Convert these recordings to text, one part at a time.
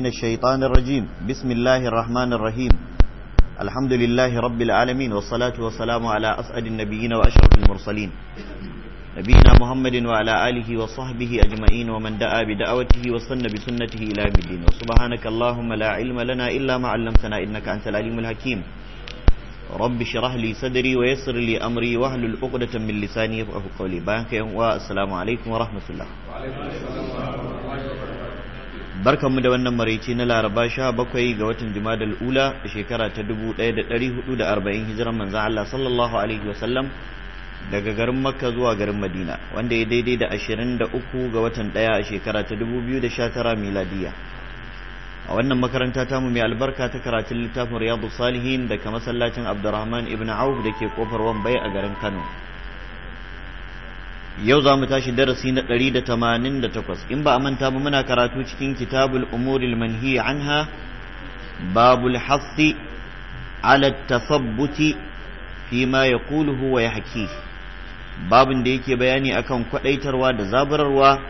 من الشيطان الرجيم بسم الله الرحمن الرحيم الحمد لله رب العالمين والصلاة والسلام على أسعد النبيين وأشرف المرسلين نبينا محمد وعلى آله وصحبه أجمعين ومن دعا بدعوته وصن بسنته إلى الدين وسبحانك اللهم لا علم لنا إلا ما علمتنا إنك أنت العليم الحكيم رب شرح لي صدري ويسر لي أمري واحلل عقدة من لساني يفقه قولي بانك والسلام عليكم ورحمة الله وعليكم السلام barkanmu da wannan maraici na laraba sha bakwai ga watan jumadal ula a shekara ta dubu ɗaya da ɗari hudu da arba'in hijiran manza Allah sallallahu alaihi wasallam daga garin makka zuwa garin madina wanda ya daidai da ashirin da uku ga watan ɗaya a shekara ta dubu biyu da sha tara miladiya a wannan makaranta tamu mai albarka ta karatun littafin riyadu salihin daga masallacin abdurrahman ibn auf da ke kofar wambai a garin kano yau za mu tashi darasi na ɗari da da tamanin takwas in ba a manta ba muna karatu cikin kitabul umuril manhi anha babul hassi ala tasabbuti fi ma kuluhu wa ya haki babin da yake bayani akan kwaɗaitarwa da zaburarwa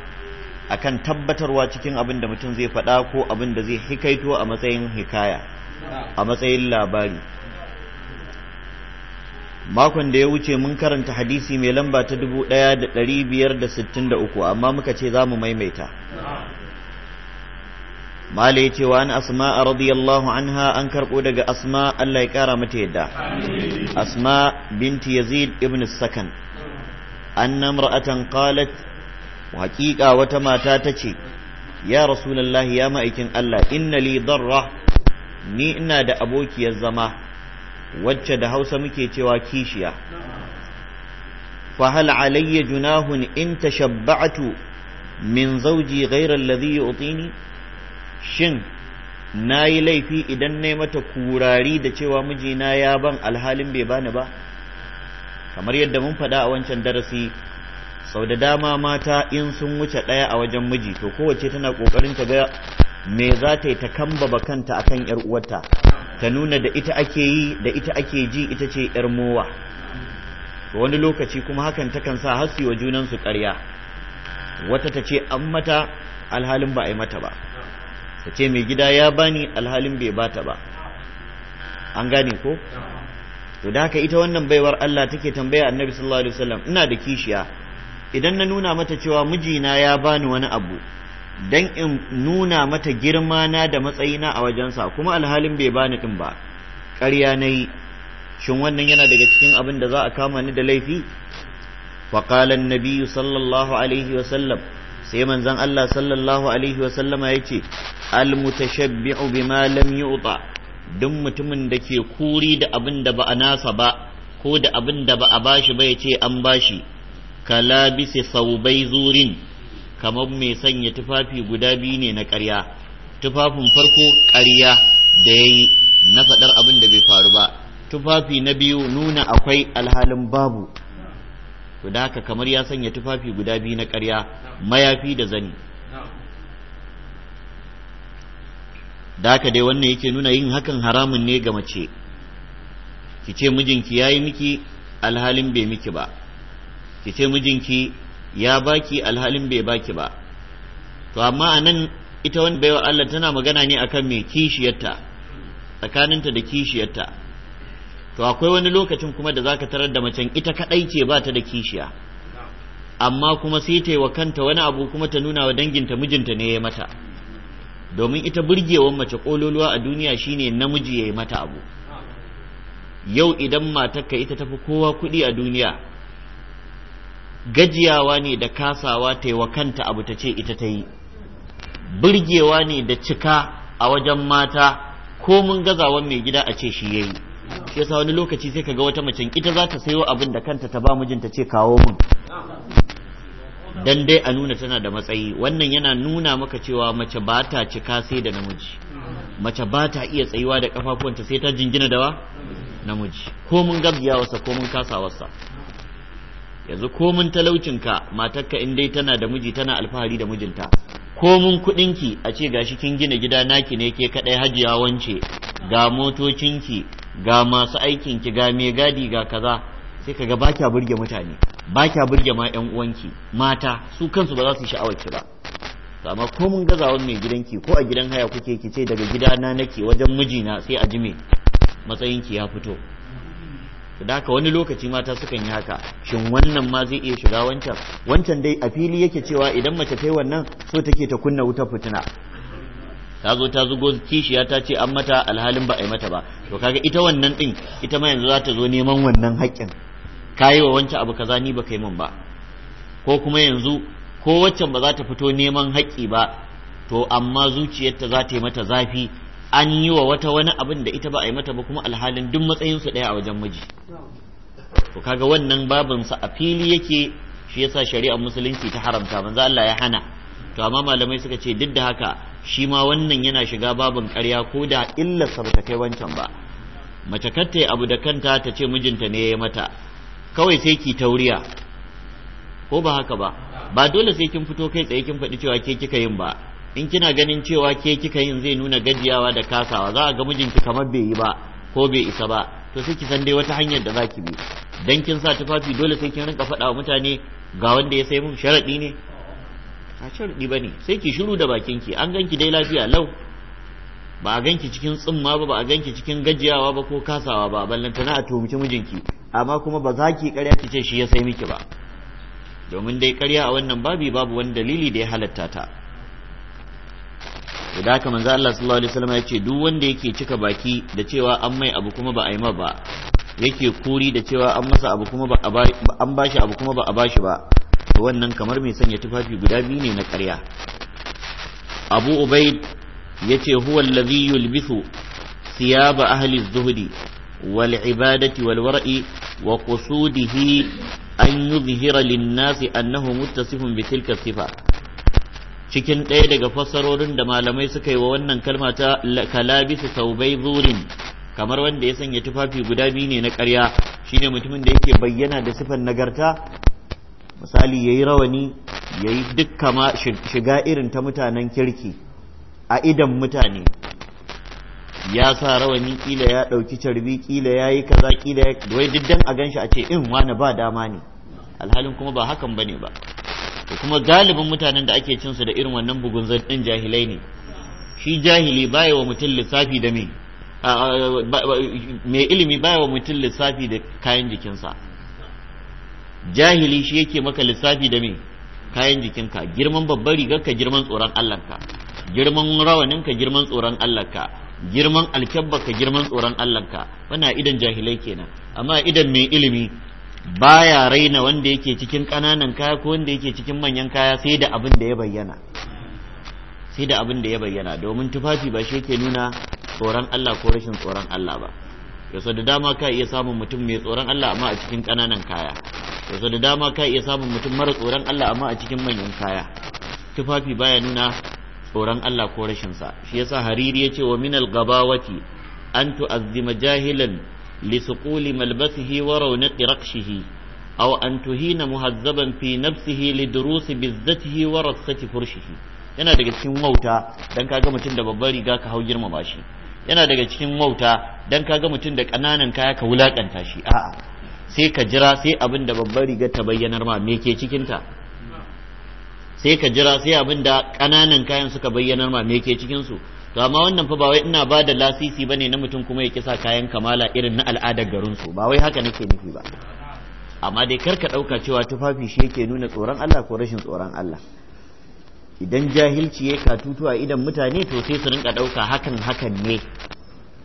akan tabbatarwa cikin abin da mutum zai faɗa ko abin da zai hikaito a matsayin hikaya a matsayin labari makon da ya wuce mun karanta hadisi mai lamba ta dubu ɗaya ɗari biyar uku, amma muka ce za mu maimaita mala ya cewa an asma a radiyallahu anha an karɓo daga asma Allah ya ƙara mata yadda asma binti yazid ibn sakan an namra'atan qalat haƙiƙa wata mata ta ce ya rasulallahi ya ma'aikin Allah inna li darra ni ina da abokiyar zama wacce da hausa muke cewa kishiya fahal alayya junahun in tashabba'tu min zauji ghairar alladhi yu'tini shin na yi laifi idan na mata kurari da cewa mijina ya ban alhalin bai bani ba kamar yadda mun faɗa a wancan darasi sau da dama mata in sun wuce ɗaya a wajen miji to kowace tana ƙoƙarin ta ga me za ta yi ta kambaba kanta akan 'yar uwarta ta nuna da ita ake yi da ita ake ji ita ce yar mowa wani lokaci kuma hakan takan sa hasi wa junan su ƙarya wata ta ce an mata alhalin ba a yi mata ba ta ce mai gida ya bani alhalin bai bata ba an gane ko to da haka ita wannan baiwar Allah take tambaya annabi sallallahu alaihi wasallam ina da kishiya idan na nuna mata cewa mijina ya bani wani abu don in nuna mata girma na da matsayina a wajensa kuma alhalin bai bani din ba ƙarya na yi shin wannan yana daga cikin abin da za a kama ni da laifi faƙalar nabiyu sallallahu alaihi sallam, sai manzon allah sallallahu alaihi wasallama ya ce almutashabbi'u bima lam yu'ta duk mutumin da ke kuri da abin da ba a nasa ba ko da abin da ba a bashi ba ya ce an bashi kalabisi saubai zurin kamar mai sanya tufafi guda biyu ne na ƙarya tufafin farko ƙarya da ya yi na faɗar abin da bai faru ba tufafi na biyu nuna akwai alhalin babu to da haka kamar ya sanya tufafi guda biyu na ƙarya mayafi da zani da haka dai wannan yake nuna yin hakan haramun ne ga mace ki ce mijinki ya yi miki alhalin bai miki ba ki ce mijinki ya baki alhalin bai baki ba to amma a ita wani baiwa Allah tana magana ne akan mai kishiyarta tsakaninta da kishiyarta to akwai wani lokacin kuma da zaka tarar da macen ita kadai ce ba ta da kishiya amma kuma sai ta yi wa kanta wani abu kuma ta nuna wa danginta mijinta ne ya mata domin ita burgewar mace kololuwa a duniya shine namiji ya yi mata abu yau idan matarka ita tafi kowa kuɗi a duniya gajiyawa ne da kasawa ta yi wa kanta abu ta ce ita ta yi birgewa ne da cika a wajen mata ko mun gazawan mai gida a ce shi ya yi yasa wani lokaci sai ka ga wata macen ita za ta sayo abin da kanta ta ba mijinta ce kawo mun dan dai a nuna tana da matsayi wannan yana nuna maka cewa mace ba ta cika sai da namiji mace ba ta iya tsayuwa da kafafuwanta sai ta jingina wa? namiji ko mun gabiya wasa ko mun kasa wasa yanzu komun talaucinka matarka in dai tana da miji tana alfahari da mijinta komun kuɗinki a ce gashi kin gina gida naki ne ke kaɗai hajiya wance ga motocinki ga masu aikinki ga mai gadi ga kaza sai kaga ba kya burge mutane ba kya burge ma yan uwanki mata su kansu ba za su sha'awar ki ba amma komun gazawan mai gidan ki, ko a gidan haya kuke ki ce daga gidana nake wajen mijina sai a ji me matsayinki ya fito da haka wani lokaci mata sukan yi haka shin wannan ma zai iya shiga wancan wancan dai a fili yake cewa idan mace ta yi wannan so take ta kunna wutar fitina ta zo ta zugo kishiya ta ce an mata alhalin ba a yi mata ba to kaga ita wannan din ita ma yanzu za ta zo neman wannan haƙƙin ka yi wa wancan abu kaza ni ba kai min ba ko kuma yanzu ko waccan ba za ta fito neman haƙƙi ba to amma zuciyarta za ta yi mata zafi an yi wa wata wani abin da ita ba a yi mata ba kuma alhalin duk matsayinsu ɗaya a wajen miji to kaga wannan babinsa a fili yake shi yasa shari'ar musulunci ta haramta manzo Allah ya hana to amma malamai suka ce duk da haka shi ma wannan yana shiga babin ƙarya ko da illarsa ba ta kai wancan ba mace kar abu da kanta ta ce mijinta ne ya mata kawai sai ki tauriya ko ba haka ba ba dole sai kin fito kai tsaye kin faɗi cewa ke kika yin ba in kina ganin cewa ke kika yin zai nuna gajiyawa da kasawa za a ga mijinki kamar bai yi ba ko bai isa ba to sai ki san dai wata hanyar da zaki bi dan kin sa tufafi dole sai kin rinka faɗa wa mutane ga wanda ya sai mun sharadi ne a sharadi bane sai ki shiru da bakin ki an ganki dai lafiya lau ba a ganki cikin tsumma ba ba a ganki cikin gajiyawa ba ko kasawa ba ballan na a tuhumci mijinki amma kuma ba za ki karya ki ce shi ya sai miki ba domin dai karya a wannan babi babu wani dalili da ya halatta ta to da haka manzo Allah sallallahu alaihi wasallam ya ce duk wanda yake cika baki da cewa an mai abu kuma ba a yi ma ba yake kuri da cewa an masa abu kuma ba an bashi abu kuma ba a bashi ba to wannan kamar mai sanya tufafi guda biyu ne na ƙarya Abu Ubaid yace huwa allazi yulbisu thiyaba ahli az-zuhdi wal ibadati wal wara'i wa qusudihi an yuzhira lin annahu muttasifun bi sifa cikin ɗaya daga fassarorin da malamai suka yi wa wannan kalma ta kalabisu bai zurin kamar wanda ya sanya tufafi guda biyu ne na ƙarya shine mutumin da yake bayyana da sifan nagarta misali ya yi rawani ya yi duk kama shiga irin ta mutanen kirki a idan mutane ya sa rawani kila ya ɗauki carbi kila ya yi kaza kila ya wai duk dan a ganshi a ce in wani ba dama ne alhalin kuma ba hakan ba ne ba to kuma galibin mutanen da ake cinsu da irin wannan bugun din jahilai ne shi jahili baya wa mutum lissafi da me mai ilimi baya wa mutum lissafi da kayan jikinsa jahili shi yake maka lissafi da me kayan jikinka girman babbar rigarka girman tsoron allahnka girman rawaninka girman tsoron allahnka girman ka girman tsoron allahnka wannan idan jahilai kenan amma idan mai ilimi baya raina wanda yake cikin ƙananan kaya ko wanda yake cikin manyan kaya sai da abin da ya bayyana sai da abin da ya bayyana domin tufafi ba shi yake nuna tsoron Allah ko rashin tsoron Allah ba yaso da dama ka iya samun mutum mai tsoron Allah amma a cikin ƙananan kaya yaso da dama ka iya samun mutum mara tsoron Allah amma a cikin manyan kaya tufafi baya nuna tsoron Allah ko rashin sa shi yasa hariri yace wa minal gabawati an tu'azzima jahilan لثقول ملبسه ورونق رقشه أو أن تهين مهذبا في نفسه لدروس بذته ورقصة فرشه أنا daga cikin موتا dan kaga mutum da babbar riga ka hau girmama shi yana daga cikin wauta dan kaga mutum da ƙananan kaya ka wulakanta sai ka jira sai abin da babbar riga ta bayyanar ma me ke cikin ta sai ka jira sai abin da ƙananan kayan suka bayyanar ma me ke cikin su to amma wannan fa ba wai ina ba da lasisi bane na mutum kuma ya kisa kayan kamala irin na al'adar garin su ba wai haka nake nufi ba amma dai karka ɗauka cewa tufafi shi yake nuna tsoron Allah ko rashin tsoron Allah idan jahilci ya katutu a idan mutane to sai su rinka ɗauka hakan hakan ne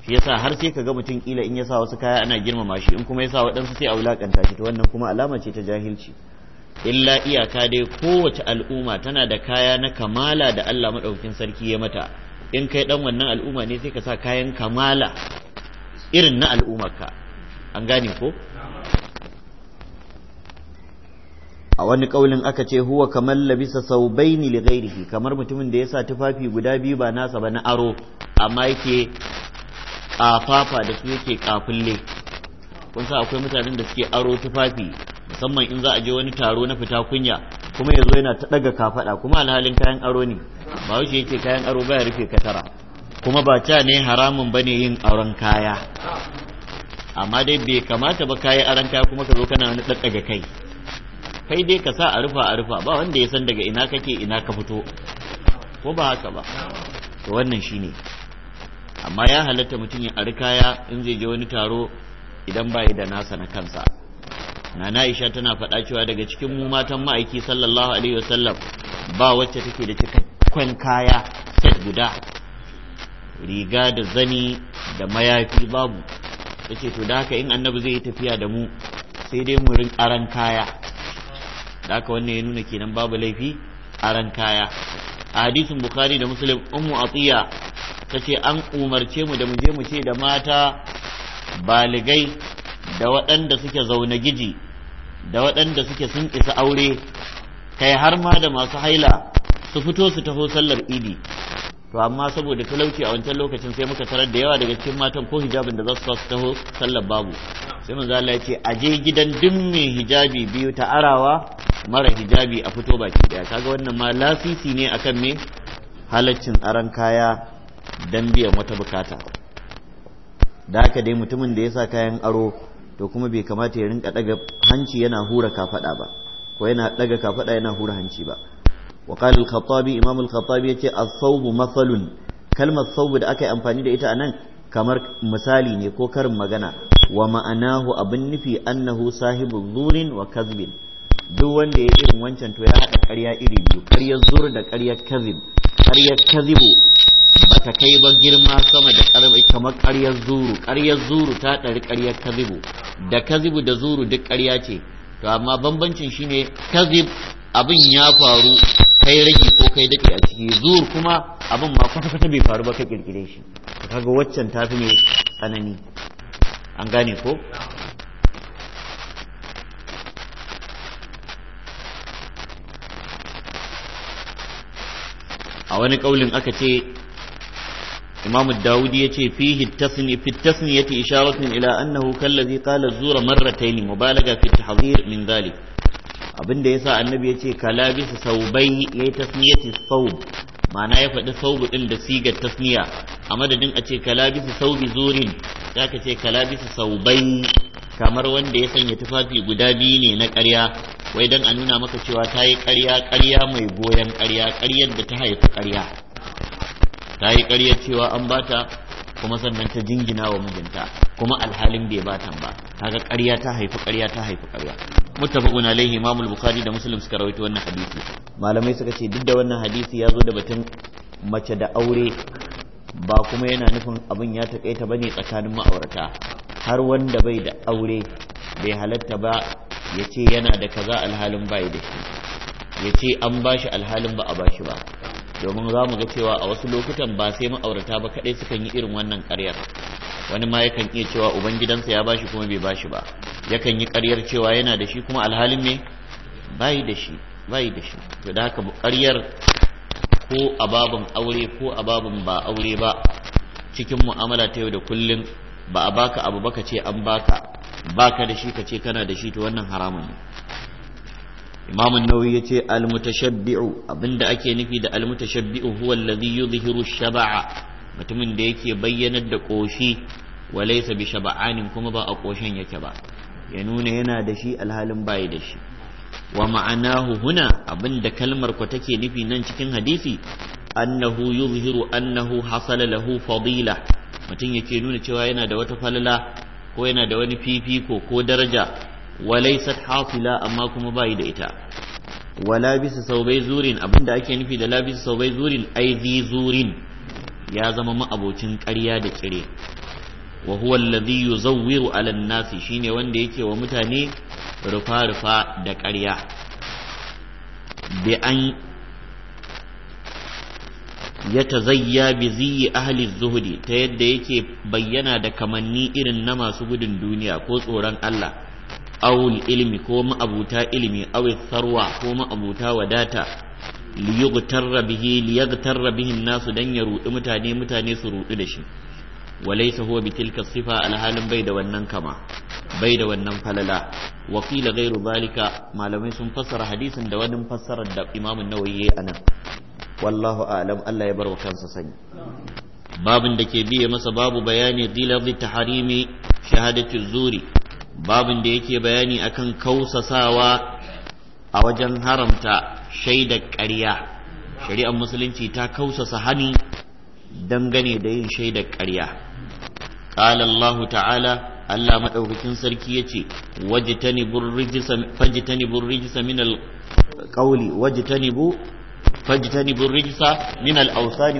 shi yasa har sai kaga mutum kila in ya sa wasu kaya ana girmama shi in kuma ya sa waɗansu sai a wulakanta shi to wannan kuma alama ce ta jahilci illa iyaka dai kowace al'umma tana da kaya na kamala da Allah maɗaukin sarki ya mata in kai dan wannan al'umma ne sai ka sa kayan kamala irin na al'ummarka an gane ko a wani kaulin aka ce huwa kamar labisa saubaini li ghairihi kamar mutumin da ya sa tufafi guda biyu ba nasa ba na aro amma yake kafafa da su yake kafulle kun sa akwai mutanen da suke aro tufafi musamman in za a je wani taro na fita kunya kuma ya zo yana ta ɗaga kafaɗa kuma alhalin kayan aro ne ba wuce yake kayan aro baya rufe katara kuma ba ta ne haramun bane yin auren kaya amma dai bai kamata ba kayi aron kaya kuma ka zo kana wani ga kai kai dai ka sa a rufa a rufa ba wanda ya san daga ina kake ina ka fito ko ba haka ba to wannan shine amma ya halatta mutum ya ari kaya in zai je wani taro idan ba da nasa na kansa nana Aisha tana faɗa cewa daga cikin mu matan ma'aiki sallallahu alaihi wasallam ba wacce take da cikakken kaya set guda riga da zani da mayafi babu yace to da haka in annabi zai yi tafiya da mu sai dai mu rin aran kaya da haka wannan ya nuna kenan babu laifi aran kaya a hadisin bukhari da muslim ummu atiya tace an umarce mu da mu je mu ce da mata baligai da waɗanda suke zaune giji da waɗanda suke sun isa aure kai har ma da masu haila su fito su taho sallar idi to amma saboda talauci a wancan lokacin sai muka tarar da yawa daga cikin matan ko hijabin da za su su taho sallar babu sai manzo Allah ya ce a je gidan duk mai hijabi biyu ta arawa mara hijabi a fito baki daya kaga wannan ma lasisi ne akan me halaccin aran kaya dan biyan wata bukata da haka dai mutumin da ya sa kayan aro to kuma bai kamata ya rinka daga hanci yana hura kafada ba ko yana daga kafada yana hura hanci ba wa qala al-khattabi imam al-khattabi yace as-sawbu mathalun kalmar sawbu da aka yi amfani da ita anan kamar misali ne ko karin magana wa ma'anahu abin nufi annahu sahibu zurin wa kazbin duk wanda ya irin wancan to ya haɗa ƙarya iri biyu ƙaryar zur da ƙaryar kazib ƙaryar kazibu ba kai ba girma sama da kamar ƙaryar zuru ƙaryar zuru ta ɗari ƙaryar kazibu da kazibu da zuru duk ƙarya ce to amma bambancin shine kazib abin ya faru kai rage ko kai dake a ciki zuru kuma abin ma kwata kwata bai faru ba ka kirkire shi kaga waccan tafi ne tsanani an gane ko a wani kaulin aka ce imamu dawudi ya ce fihi tasni fi tasniyati ila annahu kallazi qala zura marrataini mubalaga fi tahzir min dhalik abinda yasa annabi yace kalabisa saubaini yayi tasniyati saub ma'ana ya faɗi saubu ɗin da sigar tasniya a madadin a ce kalabisa saubi zurin za ka ce saubai kamar wanda ya sanya tufafi guda biyu ne na ƙarya wai don a nuna maka cewa ta yi karya ƙarya mai goyon ƙarya karyar da ta haifi ƙarya ta yi ƙaryar cewa an bata kuma sannan ta jingina wa mijinta kuma alhalin bai batan ba kaga ƙarya ta haifi karya ta haifi karya muttafaquna alaihi imam al-bukhari da muslim suka rawaito wannan hadisi malamai suka ce duk da wannan hadisi ya zo da batun mace da aure ba kuma yana nufin abin ya takaita bane tsakanin ma'aurata har wanda bai da aure bai halatta ba ya ce yana da kaza alhalin bai da shi ya ce an bashi alhalin ba a bashi ba domin za mu ga cewa a wasu lokutan ba sai ma'aurata ba kaɗai sukan yi irin wannan ƙaryar wani ma yakan iya cewa ubangidansa ya bashi kuma bai bashi ba yakan yi ƙaryar cewa yana da shi kuma alhalin me bai da shi bai da shi to da haka ƙaryar ko a babin aure ko a babin ba aure ba cikin mu'amala ta yau da kullum ba a baka abu ba ka ce an baka baka da shi ka ce kana da shi to wannan haramun ne imamun nawawi yace almutashabbi'u abinda ake nufi da almutashabbi'u huwa alladhi yuzhiru shaba'a mutumin da yake bayyanar da koshi wa laysa bi shaba'anin kuma ba a koshin yake ba ya nuna yana da shi alhalin bayi da shi wa ma'anahu huna abinda kalmar ku take nufi nan cikin hadisi annahu yuzhiru annahu hasala lahu fadila mutum yake nuna cewa yana da wata falala ko yana da wani fifiko ko daraja walaysat hafila amma kuma bayi da ita wala bisa saubai zurin abinda ake nufi da Labisu saubai zurin ai zurin ya zama ma'abocin ƙarya da kire wa huwa alladhi yuzawwiru ala an shine wanda yake wa mutane rufa rufa da ƙarya bi an yatazayya bi ziyi ahli zuhdi ta yadda yake bayyana da kamanni irin na masu gudun duniya ko tsoron Allah awul ilmi ko ma'abuta ilimi awi tharwa ko ma'abuta wadata liyugtarra bihi liyagtarra bihi nasu dan ya rudi mutane mutane su rudi da shi walaysa huwa bitilka sifa alhalin bai da wannan kama bai da wannan falala wa qila Balika zalika malamai sun fassara hadisin da wani fassarar da imamu nawawi yayi anan wallahu a'lam Allah ya bar wa kansa sani babin da ke biye masa babu bayani dilabi taharimi shahadatu zuri babin da yake bayani akan kausasawa a wajen haramta shaidar ƙarya shari'ar musulunci ta kausasa hani dangane da yin shaidar ƙarya qala Allah ta'ala Allah madaukakin sarki yace wajtanibur rijsa fajtanibur rijsa min al min al-awthani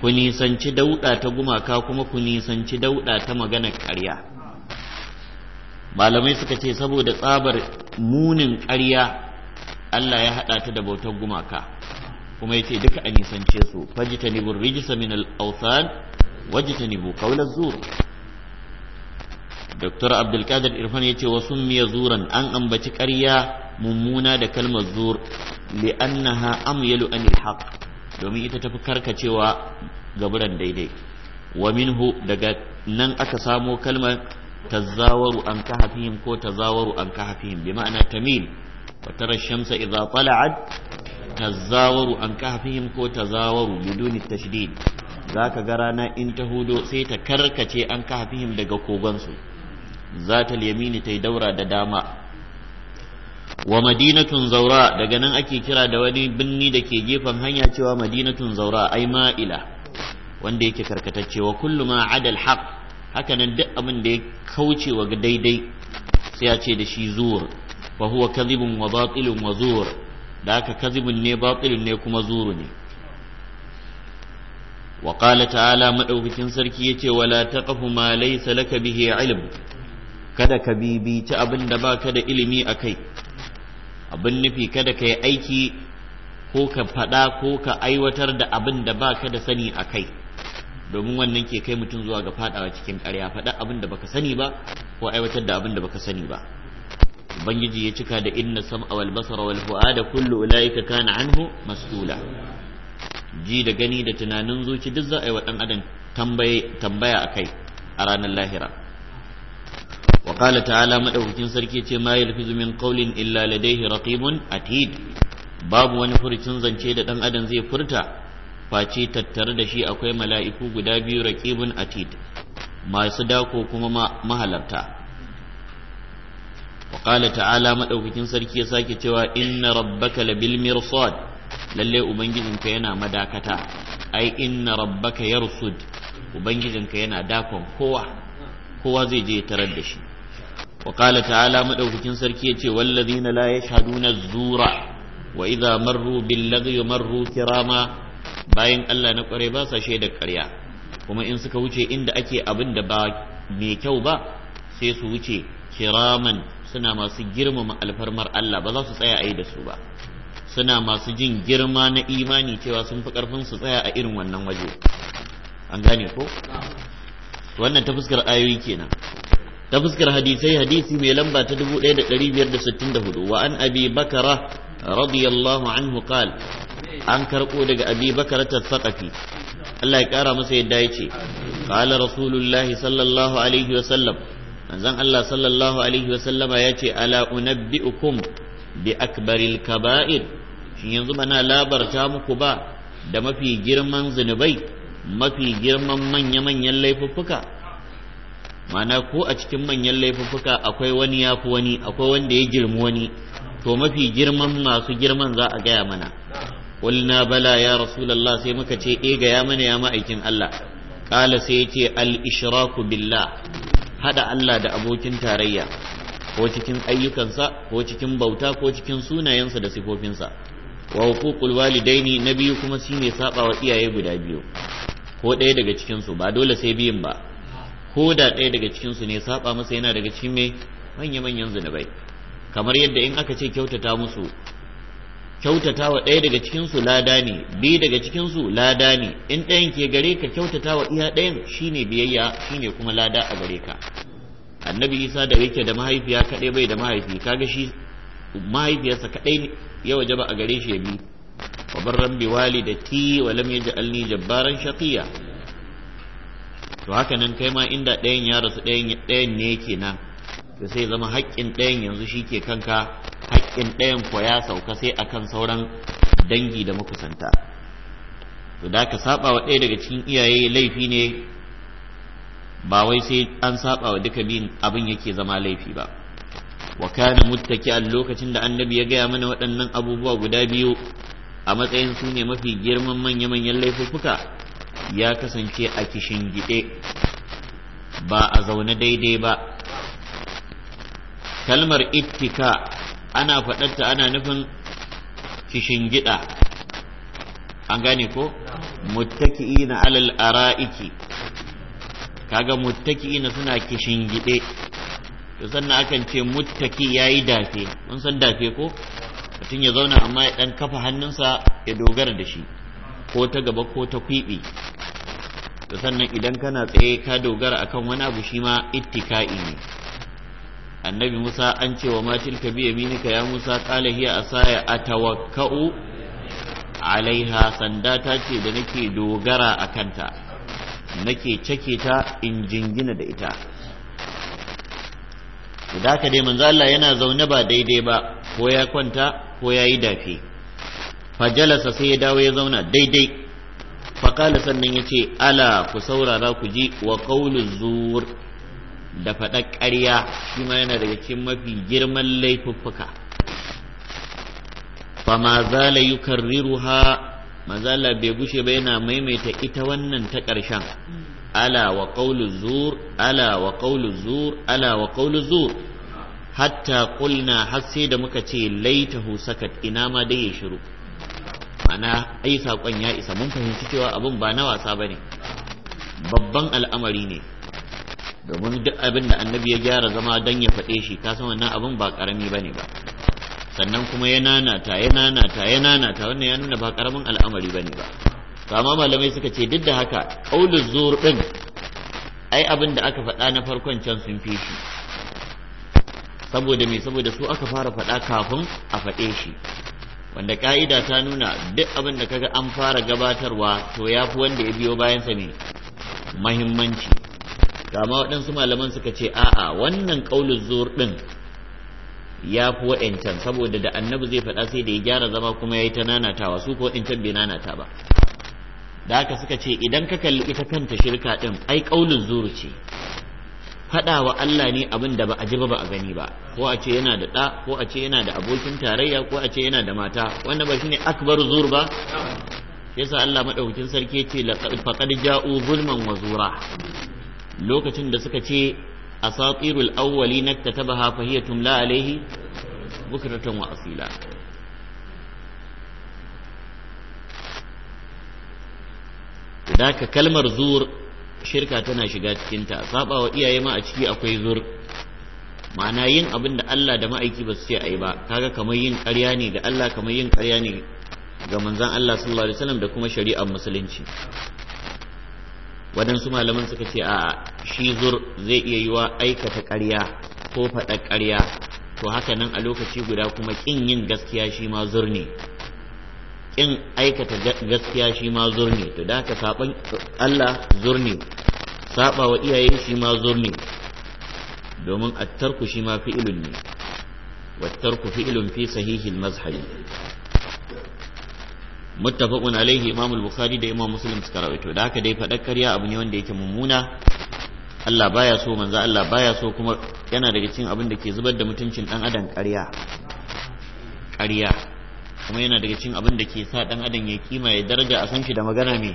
ku nisanci dauda ta gumaka kuma ku nisanci dauda ta maganar ƙarya malamai suka ce saboda tsabar munin ƙarya Allah ya haɗa ta da bautar gumaka kuma ya ce duka an nisance su fajitanibu rijisa min al-awthan bu kaular zur Dr. Abdulkadir Irfan ya ce wasu miya zuran an ambaci ƙarya mummuna da kalmar zur li'annaha amyalu anil haqq domin ita tafi karkacewa gaburan daidai wa minhu daga nan aka samo kalmar tazawaru an kahfihim ko tazawaru an kahfihim bi ma'ana tamil wa tara shamsa idza tala'at tazawaru an kahfihim ko tazawaru biduni tashdid zaka ga rana in ta hudu sai ta karkace an kahfihim daga kogonsu. Zata zatal yamini daura da dama wa madinatun zaura daga nan ake kira da wani binni da ke gefen hanya cewa madinatun zaura ai ma'ila wanda yake karkatacce wa kullu ma adal haq hakanan duk abin da ya kauce wa daidai sai ya ce da shi zuwar wa huwa wa batilun wa zuwar da aka kadhibun ne batilun ne kuma zuru ne wa qala ta'ala madaukakin sarki yace wala taqafu ma laysa laka bihi ilm kada ka bibici abin da baka da ilimi a kai, abin nufi kada ka yi aiki ko ka faɗa ko ka aiwatar da abin da baka da sani a kai. domin wannan ke kai mutum zuwa ga fadawa cikin ƙarya faɗa abin da baka sani ba ko aiwatar da abin da baka sani ba Bangiji ya cika da inna sam'a wal basara wal fu'ada kullu ulaika kana anhu mas'ula ji da gani da tunanin zuci duk za a yi wa dan adam tambaya akai a ranar lahira wa qala ta'ala madaukakin sarki ce ma yalfizu min qawlin illa ladayhi raqibun atid babu wani furucin zance da dan adam zai furta face tattare da shi akwai mala'iku guda biyu raqibun atid masu dako kuma mahalarta وقال ta'ala madaukakin sarki ya sake cewa inna rabbaka labil mirsad lalle ubangijinka yana madakata ai inna rabbaka yarsud ubangijinka yana dakon kowa zai je tarar da shi wa qala ta'ala madaukakin sarki yace wallazina la yashhaduna az-zura wa idza marru bil lagwi marru bayan Allah na kware ba sa shaida ƙarya kuma in suka wuce inda ake abin da ba mai kyau ba sai su wuce kiraman suna masu girmama alfarmar Allah ba za su tsaya a yi da su ba suna masu jin girma na imani cewa sun fi karfin su tsaya a irin wannan waje an gane ko wannan ta fuskar ayoyi kenan ta fuskar hadisai hadisi mai lamba ta 1564 wa an abi bakara radiyallahu anhu qal an karko daga abi bakar tsaqafi Allah ya kara masa yadda yace qala rasulullahi sallallahu alaihi wa sallam manzon Allah sallallahu alaihi wa sallama yace ala unabbiukum bi akbaril kaba'ir shin yanzu bana labarta muku ba da mafi girman zunubai mafi girman manya-manyan laifuffuka mana ko a cikin manyan laifuffuka akwai wani ya fi wani akwai wanda ya girmi wani to mafi girman masu girman za a gaya mana qulna bala ya rasulullah sai muka ce e, gaya mana ya ma'aikin Allah Kala sai ya ce al ishraku billah hada Allah da abokin tarayya ko cikin ayyukansa ko cikin bauta ko cikin sunayensa da sifofinsa wa hukukul walidaini na biyu kuma shine saba wa iyaye guda biyu ko ɗaya daga cikin su ba dole sai biyin ba ko da ɗaya daga cikin su ne saba masa yana daga cikin mai manya manyan zunubai kamar yadda in aka ce kyautata musu kyautata wa ɗaya daga cikinsu lada ne biyu daga cikinsu lada ne in ɗayan ke gare ka kyautata wa iya ɗayan shine biyayya shine kuma lada a gare ka annabi isa da yake da mahaifiya kaɗai bai da mahaifi kaga shi mahaifiyarsa kaɗai ne, ya waje ba a gare shi ya bi wa Wali da walidati wa lam ni jabbaran shaqiya to haka nan kai ma inda ɗayan ya rasu ɗayan ne kenan da sai zama haƙƙin ɗayan yanzu shi ke kanka haƙƙin ɗayan kuwa ya sauka sai akan sauran dangi da makusanta to da ka saba wa ɗaya daga cikin iyaye laifi ne ba wai sai an saba wa duka biyun abin yake zama laifi ba wa kana muttaki'an lokacin da annabi ya gaya mana waɗannan abubuwa guda biyu a matsayin su ne mafi girman manya-manyan laifuffuka ya kasance a kishin gide ba a zaune daidai ba kalmar ittika ana faɗarta ana nufin gida. an gane ko na alal ara'iki kaga na suna gide. to sannan akan ce muttaki yayi dafe mun san dafe ko mutum ya zauna amma ya dan kafa hannunsa ya dogara da shi ko ta gaba ko ta kwiɓi. to sannan idan kana tsaye ka dogara akan wani abu shi ma ittika'i ne annabi Musa an ce wa matilka bi yaminika ya Musa kala hiya a tawakka'u alaiha sanda ta ce da nake dogara a kanta nake cake ta in jingina da ita da haka dai manzo Allah yana zaune ba daidai ba ko ya kwanta ko ya yi dafi fajalasa sai ya dawo ya zauna daidai kala sannan ya ce ala ku saurara ku ji wa ƙaunin zur da faɗar ƙarya shi ma yana daga cikin mafi girman laifuffuka fama zala yukarriruha mazala bai gushe ba yana maimaita ita wannan ta ƙarshen ala wa qawlu zur ala wa qawlu zur ala wa qawlu zur hatta qulna har sai da muka ce laitahu sakat ina ma dai ya shiru ma'ana ai saƙon ya isa mun fahimci cewa abun ba na wasa bane babban al'amari ne domin duk abin da annabi ya gyara zama don ya faɗe shi ka san wannan abin ba ƙarami ba ne ba sannan kuma ya nanata ya nanata ya nanata wannan ya nuna ba ƙaramin al'amari ba ne ba to amma malamai suka ce duk da haka ƙaulun zuwar ɗin ai abin da aka faɗa na farkon can sun fi shi saboda me saboda su aka fara faɗa kafin a faɗe shi wanda ka'ida ta nuna duk abin da kaga an fara gabatarwa to ya fi wanda ya biyo bayansa ne mahimmanci kama waɗansu malaman suka ce a'a wannan ƙaunar zuwar ɗin ya fi wa'yancan saboda da annabi zai faɗa sai da ya gyara zama kuma ya yi ta nanatawa su ko wa'yancan bai nanata ba da haka suka ce idan ka kalli ita kanta shirka ɗin ai ƙaunar zuru ce faɗa wa Allah ne abin da ba a ji ba a gani ba ko a ce yana da ɗa ko a ce yana da abokin tarayya ko a ce yana da mata wanda ba shine akbar zur ba yasa Allah maɗaukakin sarki ya ce faƙar ja'u zulman wa zura lokacin da suka ce a saƙirul awwali na ta hafa fahiyya tumla alaihi bukratan wa asila ka kalmar zur shirka tana shiga cikinta saba wa iyaye ma a ciki akwai zur ma'ana yin abin da Allah da ma'aiki ba su ce a yi ba kaga kamar yin ƙarya ne ga Allah kamar yin ƙarya ne ga manzan Allah sallallahu alaihi wasallam da kuma shari'ar musulunci waɗansu malaman suka ce a shi zur zai iya yiwa aikata ƙarya ko faɗa ƙarya to haka nan a lokaci guda kuma ƙin yin gaskiya shi ma zur ne ƙin aikata gaskiya shi ma zur ne to da haka saɓa Allah zur ne saɓa wa iyaye shi ma zur ne domin attarku shi ma fi'ilun ne wattarku fi'ilun fi sahihil mazhari muttafaqun alaihi imam al-bukhari da imam muslim suka rawaito da haka dai fadar ƙarya abu ne wanda yake mummuna Allah baya so manzo Allah baya so kuma yana daga cikin abin da ke zubar da mutuncin dan adam ƙarya ƙarya kuma yana daga cikin abin da ke sa dan adam ya kima ya daraja a san shi da magana ne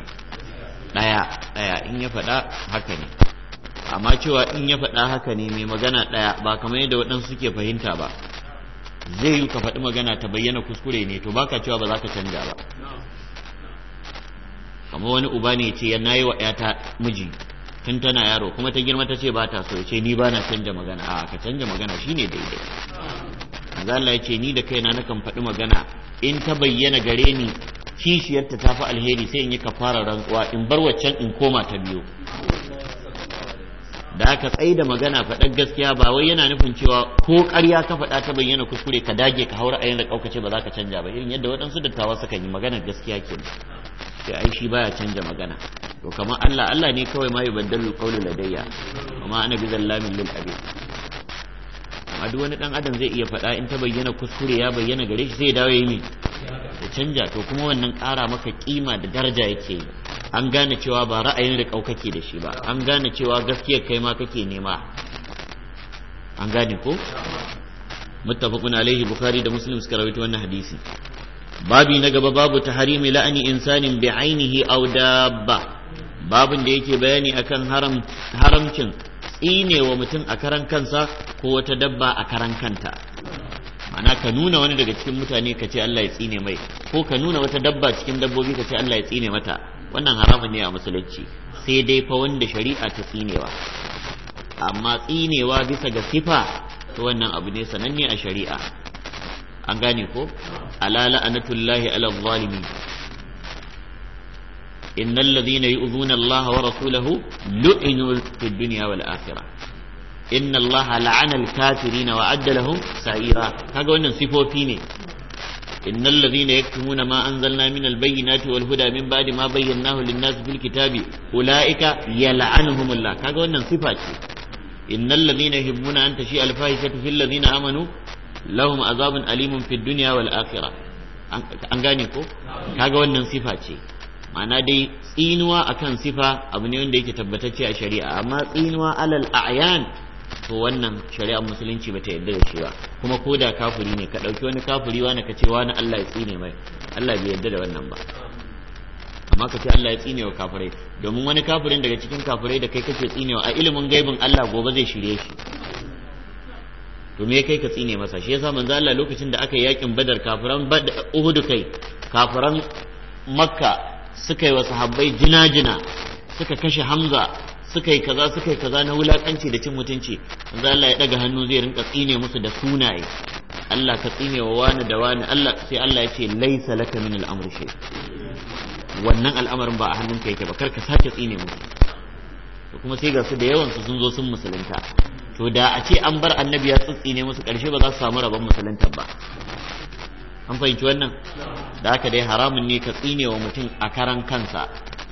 daya daya in ya faɗa haka ne amma cewa in ya faɗa haka ne mai magana daya ba kamar yadda waɗansu suke fahimta ba zai yi ka faɗi magana ta bayyana kuskure ne to baka cewa ba za ka canja ba Kamar wani uba ne ce ya nayi wa ƴata miji tun tana yaro kuma ta girma ta ce ba ta so ce ni ba na canja magana a ka canja magana shine daidai manzo Allah ya ce ni da kaina nakan faɗi magana in ta bayyana gare ni kishiyarta ta fi alheri sai in yi ka fara rantsuwa in bar waccan in koma ta biyo da aka tsaye da magana faɗar gaskiya ba wai yana nufin cewa ko ƙarya ka faɗa ta bayyana kuskure ka dage ka haura a da kaukace ba za ka canja ba irin yadda waɗansu dattawa suka yi magana gaskiya ke sai ai shi baya canja magana to kamar Allah Allah ne kawai ma yubaddalu qawlu ladayya amma ana bi zallamin lil abi amma duk wani dan adam zai iya faɗa in ta bayyana kuskure ya bayyana gare shi zai dawo yayi ya canja to kuma wannan ƙara maka kima da daraja yake yi an gane cewa ba ra'ayin riƙau kake da shi ba an gane cewa gaskiyar kai ma kake nema an gane ko muttafaqun alaihi bukhari da muslim suka rawaito wannan hadisi babi na gaba babu taharimi la'ani insanin bi ainihi aw dabba babin da yake bayani akan haram haramcin tsinewa mutum a karan kansa ko wata dabba a karan kanta ana ka nuna wani daga cikin mutane ka ce Allah ya tsine mai ko ka nuna wata dabba cikin dabbobi ka ce Allah ya tsine mata wannan haramun ne a musulunci sai dai fa wanda shari'a ta tsinewa amma tsinewa bisa ga sifa to wannan abu ne sananne a shari'a an gane ko ala la'anatullahi ala zalimi innal ladhina yu'dhuna Allah wa rasulahu lu'inu fid dunya wal akhirah inna Allah la'ana al-kafirin wa adda lahum sa'ira kaga wannan sifofi ne إن الذين يكتمون ما أنزلنا من البينات والهدى من بعد ما بيناه للناس في الكتاب أولئك يلعنهم الله كاغا wannan sifa ce innal ladhina yuhibbuna an tashi al fahishatu fil ladhina amanu lahum azabun alimun fid dunya an gane ko kaga wannan sifa ce ma'ana dai tsinuwa akan sifa abu ne wanda yake tabbatacce a shari'a amma tsinuwa alal a'yan to wannan shari'ar musulunci bata yadda da shi ba kuma ko da kafiri ne ka ɗauki wani kafiri wani ka ce wani Allah ya tsine mai Allah bai yadda da wannan ba amma ka ce Allah ya tsine wa kafirai domin wani kafirin daga cikin kafirai da kai kake tsinewa a ilimin gaibin Allah gobe zai shirye shi to me kai ka tsine masa shi yasa manzo Allah lokacin da aka yi yakin Badar kafiran Uhud kai kafiran Makka suka yi wa sahabbai jina-jina suka kashe Hamza suka yi kaza suka yi kaza na wulakanci da cin mutunci manzo Allah ya daga hannu zai rinka tsine musu da sunaye Allah ka tsine wa wani da wani Allah sai Allah ya ce laisa laka min al'amri shay wannan al'amarin ba a hannunka yake ba kar ka sake tsine musu to kuma sai ga su da yawan su sun zo sun musulunta to da a ce an bar annabi ya tsitsine musu karshe ba za su samu rabon musulunta ba an fahimci wannan da haka dai haramun ne ka tsine wa mutum a karan kansa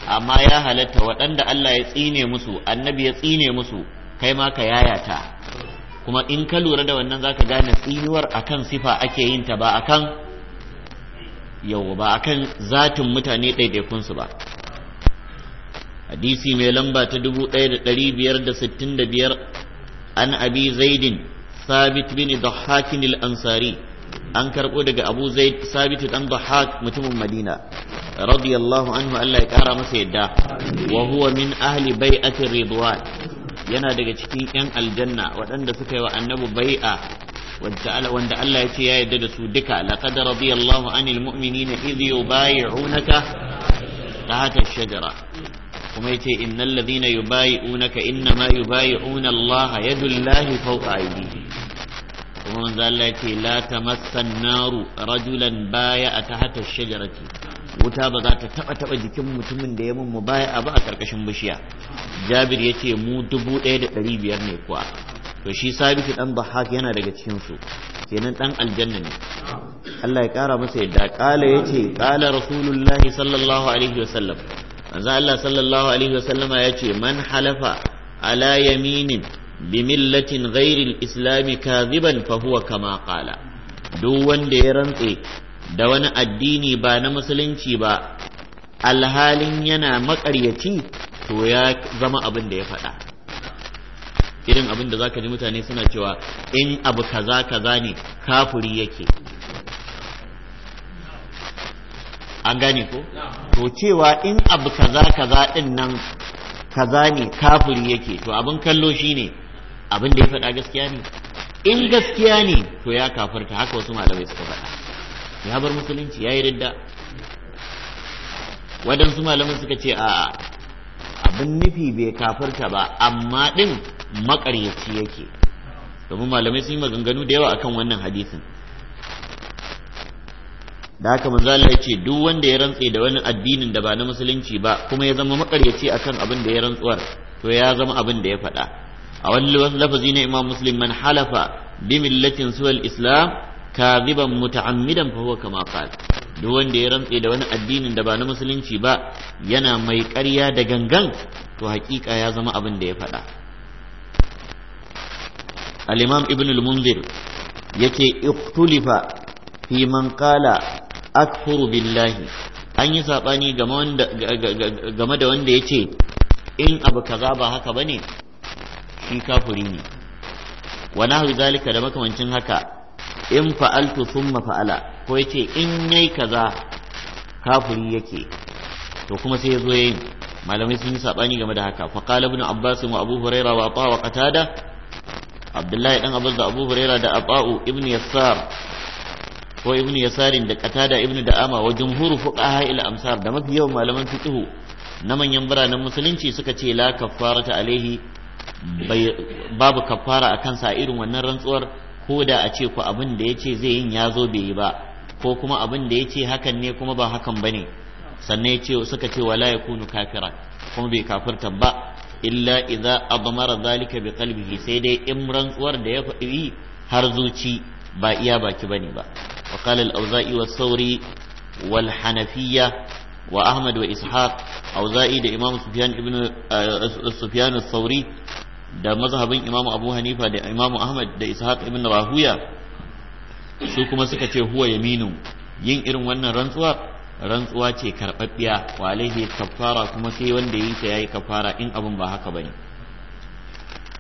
amma ya halatta waɗanda Allah ya tsine musu annabi ya tsine musu kai ma ka yayata kuma in ka lura da wannan zaka gane tsinuwar akan sifa ake yin ta ba akan yau ba akan zatin mutane ɗaiɗaikun su ba hadisi mai lamba ta 1565 an abi zaidin ثابت بن ضحاك الأنصاري an karɓo daga abu zai sabitu dan dhahak mutumin madina radiyallahu anhu Allah ya kara masa yadda wa huwa min ahli bai'atir ridwan yana daga cikin yan aljanna waɗanda suka yi wa annabi bai'a wanda Allah ya ce ya yadda da su duka laqad radiyallahu anil mu'minina idh yubayi'unaka tahta shajara kuma yace innal ladhina yubayi'unaka innama yubayi'una Allah yadullahi fawqa aydihim kuma manzo Allah ce la tamassan naru rajulan baya a ta tahta shajarati wuta ba za ta taba taba jikin mutumin da ya mun a ba a karkashin bishiya Jabir yace mu dubu biyar ne kuwa to shi sabitu dan bahak yana daga cikin su kenan dan aljanna ne Allah ya kara masa yadda kala yace kala rasulullahi sallallahu alaihi wasallam manzo Allah sallallahu alaihi wasallama yace man halafa ala yaminin بملة غير islami kaziban fahuwa kama قال duk wanda ya rantse da wani addini ba na musulunci ba alhalin yana makaryaci to ya zama abin da ya faɗa irin abin da ka ji mutane suna cewa in abu kaza kaza ne kafuri yake an gane ko to cewa in abu kaza kaza din nan kaza ne kafiri yake to abin kallo shine abin da ya faɗa gaskiya ne in gaskiya ne to ya kafarta haka wasu malamai suka faɗa ya bar musulunci ya yi ridda waɗansu malamai suka ce a abin nufi bai kafarta ba amma ɗin maƙaryaci yake domin malamai sun yi maganganu da yawa akan wannan hadisin da haka manzala ya ce duk wanda ya rantse da wani addinin da ba na musulunci ba kuma ya zama makaryaci akan abin da ya rantsuwar to ya zama abin da ya faɗa a wani lafazi na imam muslim man halafa bi millatin suwal islam kaziban muta'ammidan fa huwa kama qal duk wanda ya rantse da wani addinin da ba na musulunci ba yana mai ƙarya da gangan to hakika ya zama abin da ya faɗa al-imam ibn al-munzir yace ikhtulifa fi man qala akfuru billahi an yi saɓani game da wanda ya ce in abu kaza ba haka bane. shi kafuri ne wa zalika da makamancin haka in fa'altu thumma fa'ala ko yace in yai kaza kafuri yake to kuma sai ya yayin malamai sun yi sabani game da haka fa qala ibn abbas wa abu huraira wa ata wa qatada abdullahi dan abbas da abu huraira da abau ibn yassar ko ibn yasarin da qatada ibn da'ama wa jumhur fuqaha ila amsar da mafi yawan malaman fiqh na manyan biranen musulunci suka ce la kaffarata alaihi babu kafara a kansa a irin wannan rantsuwar ko da a ce ku abin da ya ce zai yin ya zo bai yi ba ko kuma abin da ya ce hakan ne kuma ba hakan ba ne sannan ya ce suka ce wala ya kafira kuma bai kafirta ba illa idza admara zalika bi qalbihi sai dai in rantsuwar da ya faɗi har zuci ba iya baki bane ba wa qala al awzai was-sauri wal hanafiyya wa Ahmad wa Ishaq Auza'i da Imam Sufyan ibn eh, Sufyan al-Thawri da mazhabin Imam Abu Hanifa da Imam Ahmad da Ishaq ibn Rahuya su kuma suka ce huwa yaminu yin irin wannan rantsuwa rantsuwa ce karɓaɓɓiya wa alaihi kafara kuma sai wanda yi ta yayi kafara in abin ba haka bane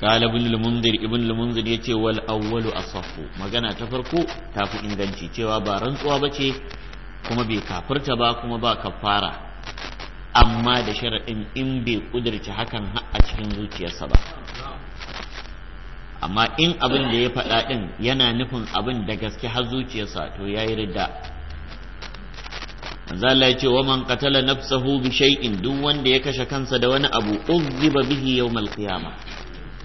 al ابن Ibn al المنذر yace wal awwalu asahhu magana ta farko tafi inganci cewa ba rantsuwa bace kuma bai kafirta ba kuma ba kafara amma da sharaɗin in bai ƙudurci hakan a cikin zuciyarsa ba amma in abin da ya faɗa ɗin yana nufin abin da gaske har zuciyarsa to ya yi ridda manzo Allah ya ce wa man qatala nafsahu bi shay'in duk wanda ya kashe kansa da wani abu uzziba bihi yawmal qiyamah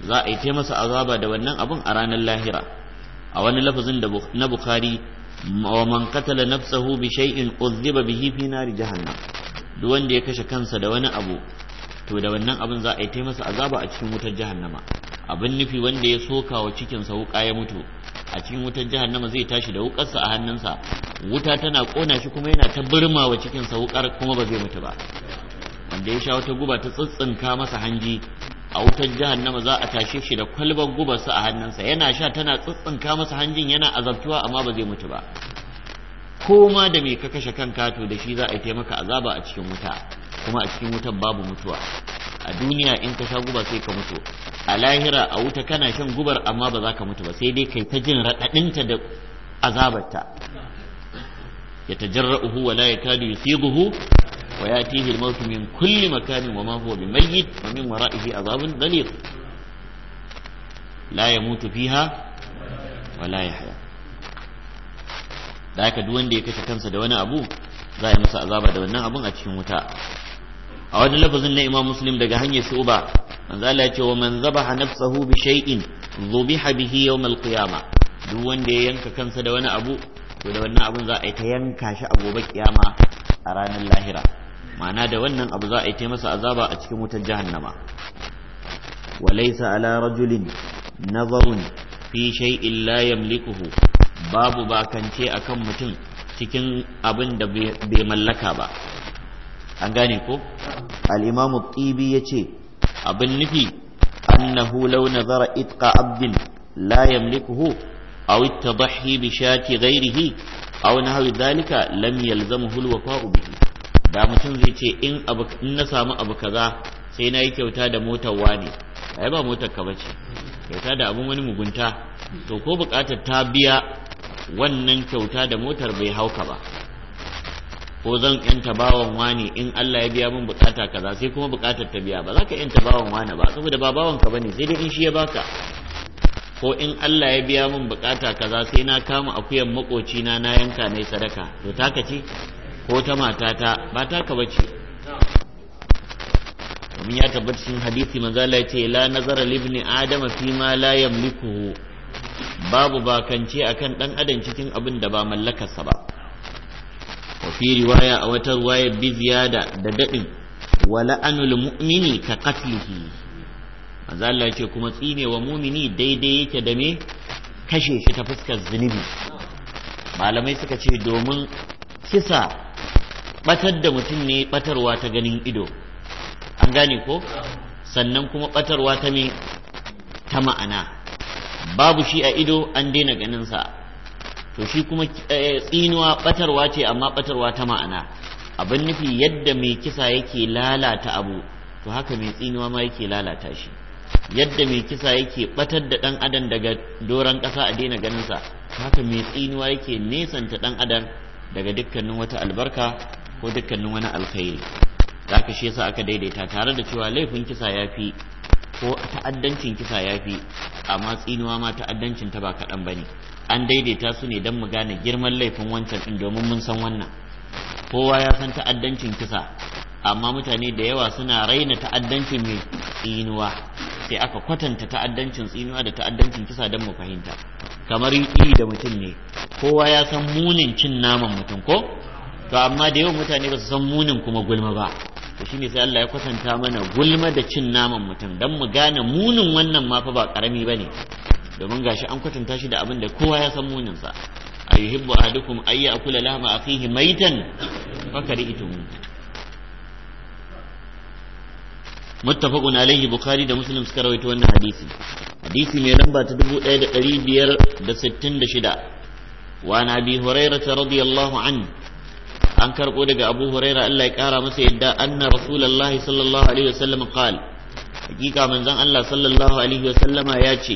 za a yi ta masa azaba da wannan abun a ranar lahira a wani lafazin da na bukhari wa man qatala nafsahu bi shay'in uzziba bihi fi nari jahannam duk wanda ya kashe kansa da wani abu to da wannan abin za a yi ta masa azaba a cikin wutar jahannama abin nufi wanda ya soka wa cikinsa wuka ya mutu a cikin wutar jahannama zai tashi da wukarsa a hannunsa wuta tana kona shi kuma yana ta birma wa cikinsa wukar kuma ba zai mutu ba wanda ya sha wata guba ta tsitsinka masa hanji a wutar jihar jahannama za a tashe shi da kwalbar gubarsa a hannunsa yana sha tana tsitsinka masa hanjin yana azabtuwa amma ba zai mutu ba ko ma da me ka kashe kan to da shi za a yi taimaka azaba a cikin wuta kuma a cikin wutar babu mutuwa a duniya in ka sha guba sai ka mutu a lahira a wuta kana shan gubar amma ba za ka mutu ba sai dai kai ta jin raɗaɗinta da azabarta ya tajarra'uhu wa la kadu yusighuhu wa yatihi al-mautu min kulli makanin wa ma huwa bimayyit wa min wara'ihi azabun dhalir la yamutu fiha wa la yahya da haka duk wanda ya kashe kansa da wani abu za a yi masa azaba da wannan abun a cikin wuta a wani lafazin na imam muslim daga hanyar shuba manzo Allah ya ce wa man zabaha nafsahu bi shay'in dhubiha bihi yawm al duk wanda ya yanka kansa da wani abu ko da wannan abun za a yi ta yanka shi a gobe kiyama a ranar lahira ma'ana da wannan abu za a yi masa azaba a cikin wutar jahannama walaisa ala rajulin nazarun fi shay'in la yamlikuhu babu bakance akan mutum cikin abin da bai mallaka ba an gane ko al-imamu tibi yace abin nufi annahu law nazara itqa abdin la yamlikuhu aw at-tadahhi bi shati ghayrihi aw nahwi dhalika lam yalzamuhu al-wafa'u bihi da mutum zai ce in abu in na samu abu kaza sai na yi kyauta da motar wani ai ba motar ka bace kyauta da abun wani mugunta to ko bukatar ta biya wannan kyauta da motar bai hauka ba ko zan yanta bawan wani in Allah ya biya min bukata kaza sai kuma bukatar ta biya ba za ka yanta bawan wani ba saboda ba bawan ka bane sai dai in shi ya baka ko in Allah ya biya min bukata kaza sai na kama akuyan makoci na na yanka nai sadaka to taka ce ko ta matata ba ta ka bace domin ya tabbata cikin hadisi manzo Allah ce la nazara libni adama fi ma la yamlikuhu babu bakance akan dan adam cikin abin da ba mallakarsa ba wa fi riwaya a wata riwaya bi ziyada da dadin wala anul mu'mini ka qatlihi manzo Allah ce kuma tsine wa mu'mini daidai yake da me kashe shi ta fuskar zunubi malamai suka ce domin kisa batar da mutum ne batarwa ta ganin ido an gane ko sannan kuma batarwa ta mai ta ma'ana babu shi a ido an daina ganinsa to shi kuma eh, tsinuwa batarwa ce amma batarwa ta ma'ana abin nufi yadda mai kisa yake lalata abu to haka mai tsinuwa ma yake lalata shi yadda mai kisa yake batar da ɗan adam daga doron ƙasa a daina ganinsa haka mai tsinuwa yake nesanta ɗan adam daga dukkanin wata albarka ko dukkanin wani alkhairi zaka shi yasa aka daidaita tare da cewa laifin kisa ya fi ko ta'addancin kisa ya fi amma tsinuwa ma ta'addancin ta ba kaɗan ba ne. an daidaita su ne don mu gane girman laifin wancan din domin mun san wannan kowa ya san ta'addancin kisa amma mutane da yawa suna raina ta'addancin mai tsinuwa sai aka kwatanta ta'addancin tsinuwa da ta'addancin kisa don mu fahimta kamar yi da mutum ne kowa ya san munin cin naman mutum ko to amma da yawan mutane ba su san munin kuma gulma ba to shine sai Allah ya kwatanta mana gulma da cin naman mutum dan mu gane munin wannan ma fa ba karami bane domin gashi an kwatanta shi da abin da kowa ya san munin sa ayuhibbu ahadukum ayya akula lahma akhihi maitan itum muttafaqun alayhi bukhari da muslim suka rawaito wannan hadisi hadisi mai lamba ta 1566 wa nabi hurairah radiyallahu anhu an karbo daga Abu Huraira Allah ya kara masa yadda anna Rasulullahi sallallahu alaihi wasallam qal hakika manzon Allah sallallahu alaihi wasallama ya ce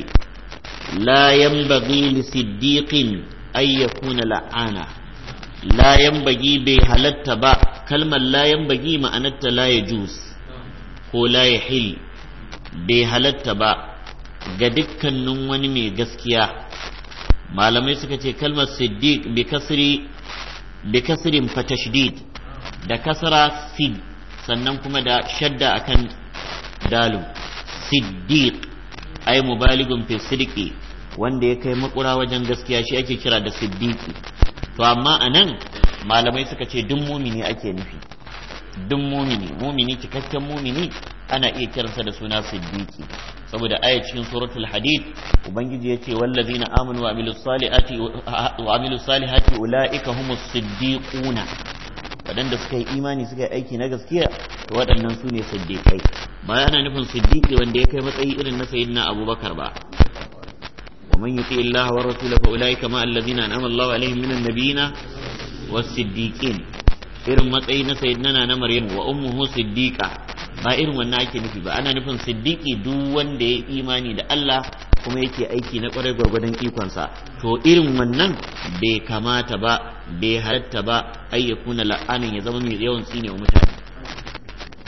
la yanbaghi li siddiqin ay yakuna la'ana la yanbaghi bai halatta ba kalmar la yanbaghi ma'anarta la jus ko la yahil bai halatta ba ga dukkanin wani mai gaskiya malamai suka ce kalmar siddiq bi kasri bi kasrin fa tashdid da kasra sid sannan kuma da shadda akan dalu siddiq ay mubaligun fi sidqi wanda ya kai makura wajen gaskiya shi ake kira da siddiqi to amma anan malamai suka ce dun mumini ake nufi duk mumini mumini cikakken mumini ana iya kiransa da suna siddiqi saboda aya cikin suratul hadid ubangiji yace wallazina amanu wa amilus salihati wa amilus salihati ulaika humus siddiquna waɗanda suka yi imani suka yi aiki na gaskiya to waɗannan su ne siddiƙai ba yana nufin siddiƙi wanda ya kai matsayi irin na sayyidina abubakar ba wa man yuti illaha wa rasula fa ulaika ma allazina an'ama Allahu alaihim minan nabiyina was siddiqin irin matsayi na sayyidina na maryam wa ummuhu siddiqa ba irin wannan ake nufi ba ana nufin siddiki duk wanda ya imani da Allah kuma yake aiki na kwarai gwargwadon ikonsa to irin wannan bai kamata ba bai halatta ba ayyakuna la'anin ya zama mai yawan tsine wa mutane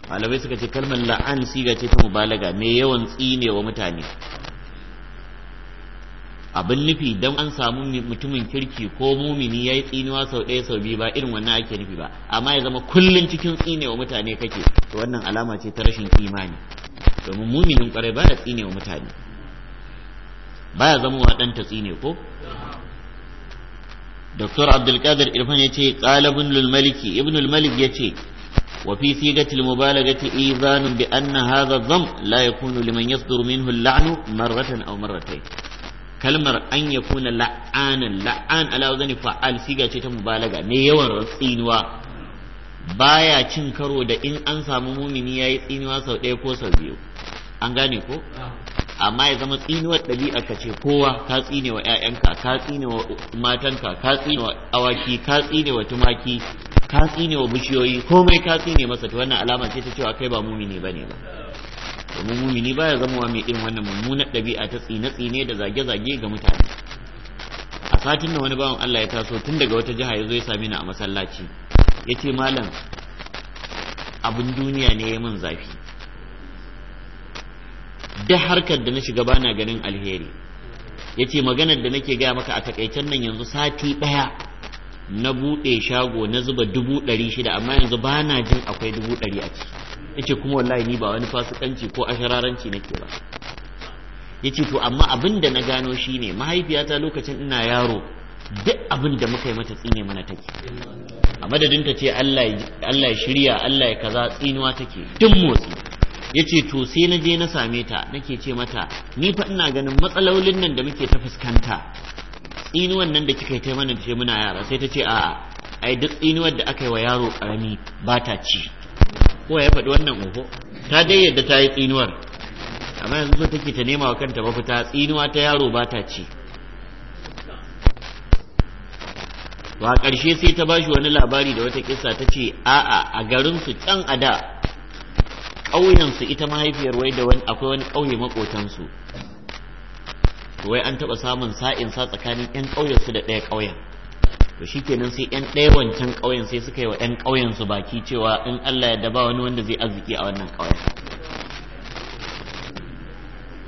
malamai suka ce kalmar la'an siga ce ta mubalaga mai yawan tsine wa mutane abin nufi don an samu mutumin kirki ko mumini ya yi tsinuwa sau ɗaya sau biyu ba irin wannan ake nufi ba amma ya zama kullum cikin tsinewa mutane kake to wannan alama ce ta rashin imani domin muminin kwarai ba ya tsinewa mutane ba ya zama ɗanta tsine ko Dr. Abdulkadir Irfan ya ce ƙalabin lulmaliki Ibn Malik ya ce وفي صيغة المبالغة إيذان بأن هذا الذم لا liman لمن يصدر منه اللعن مرة أو مرتين kalmar an ya kuna la'anan la'an ala zani fa'al siga ce ta mubalaga ne yawan tsinuwa baya cin karo da in an samu mumini yi tsinuwa sau ɗaya ko sau biyu an gane ko amma ya zama tsinuwar ɗabi'a ka ce kowa ka tsine wa ƴaƴanka ka tsine wa matanka ka tsine wa awaki ka tsine wa tumaki ka tsine wa bishiyoyi komai ka tsine masa ta wannan alama ce ta cewa kai ba mumini bane ba domin mumini ya zama mai irin wannan mummunar ɗabi'a ta tsine-tsine da zage-zage ga mutane a satin da wani bawan Allah ya taso tun daga wata jiha ya zo ya same ni a masallaci ya ce malam abin duniya ne ya min zafi Da harkar da na shiga bana ganin alheri ya ce maganar da nake gaya maka a takaicen nan yanzu sati ɗaya na buɗe shago na zuba dubu ɗari shida amma yanzu bana jin akwai dubu ɗari a ciki yace kuma wallahi ni ba wani fasikanci ko ashararanci nake ba yace to amma abin da na gano shine mahaifiyata lokacin ina yaro duk abin da muka yi mata tsine mana take a madadin ta ce Allah ya shirya Allah ya kaza tsinuwa take tun motsi yace to sai na je na same ta nake ce mata ni fa ina ganin matsalolin nan da muke ta fuskanta tsinuwan nan da kika yi ta mana ce muna yara sai ta ce a'a ai duk tsinuwar da aka yi wa yaro karami ba ta ci ko ya faɗi wannan oho ta dai yadda ta yi tsinuwar amma yanzu so take ta nema wa kanta mafita tsinuwa ta yaro ba ta ci ba ƙarshe sai ta ba shi wani labari da wata kisa ta ce a'a a garinsu can a da ƙauyensu ita mahaifiyar wai da akwai wani ƙauye maƙotansu wai an taɓa samun sa'in sa tsakanin 'yan ƙauyensu da ɗaya ƙauyen to kenan sai yan ɗaya wancan ƙauyen sai suka yi wa yan ƙauyen su baki cewa in Allah ya daba wani wanda zai arziki a wannan ƙauyen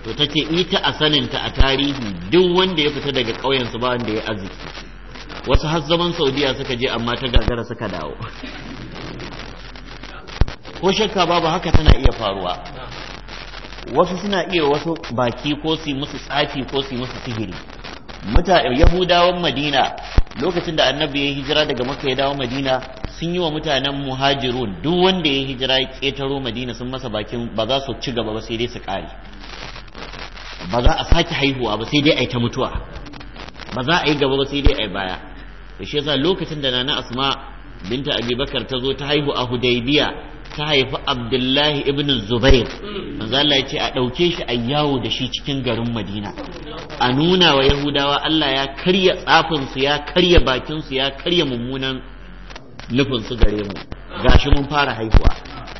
to ta ce ita a saninta a tarihi duk wanda ya fita daga ƙauyen su ba wanda ya arziki wasu har zaman saudiya suka je amma ta gagara suka dawo ko shakka babu haka tana iya faruwa wasu suna iya wasu baki ko su musu tsafi ko su musu sihiri Mutane yahudawan madina lokacin da annabi ya hijira daga maka ya dawo madina sun yi wa mutanen muhajirun duk wanda ya hijira ya ƙetaro madina sun masa bakin ba za su ci gaba ba sai dai su ƙare ba za a sake haihuwa ba sai dai a yi ta mutuwa ba za a yi gaba ba sai dai a yi baya da shi yasa lokacin da nana asma binta abubakar ta zo ta haihu a hudaybiya ta haifi abdullahi ibn zubair mm. manzo ya ce a ɗauke shi a yawo da shi cikin garin madina a nuna wa yahudawa Allah ya karya tsafinsu ya karya bakinsu ya karya mummunan nufinsu gare mu gashi mun fara haihuwa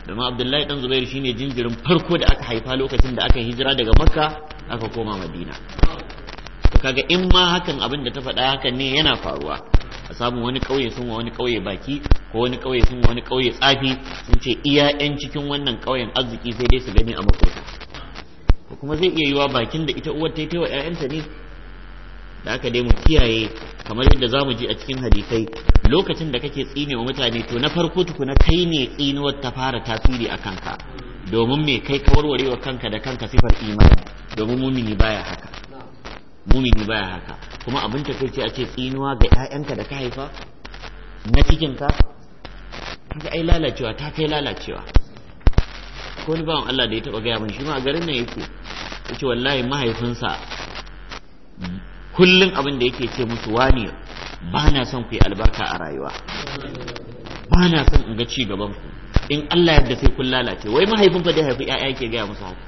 domin abdullahi dan zubair shine jinjirin farko da aka haifa lokacin da aka hijira daga makka aka koma madina kaga in ma hakan abin da ta faɗa hakan ne yana faruwa a samu wani ƙauye sun wa wani ƙauye baki ko wani kauye sun wani kauye tsafi sun ce iya yan cikin wannan kauyen arziki sai dai su gani a makota ko kuma zai iya yiwa bakin da ita uwar ta yi wa ƴaƴanta ne da aka dai mu kiyaye kamar yadda zamu ji a cikin hadisai lokacin da kake tsine wa mutane to na farko tukuna kai ne tsinuwar ta fara tasiri a kanka domin me kai ka warware kanka da kanka sifar imani domin mumini baya haka mumini baya haka kuma abin ta kai ce a ce tsinuwa ga 'ya'yanka da ka haifa na cikinka kaga ai lalacewa ta kai lalacewa ko ni bawan Allah da ya taba gaya min shi ma a garin nan yake yace wallahi mahaifinsa kullun abin da yake ce musu wani ba na son ku yi albarka a rayuwa ba na son in ga ci gaban ku in Allah yadda sai kun lalace wai mahaifin fa dai haifi ƴaƴa yake gaya musu haka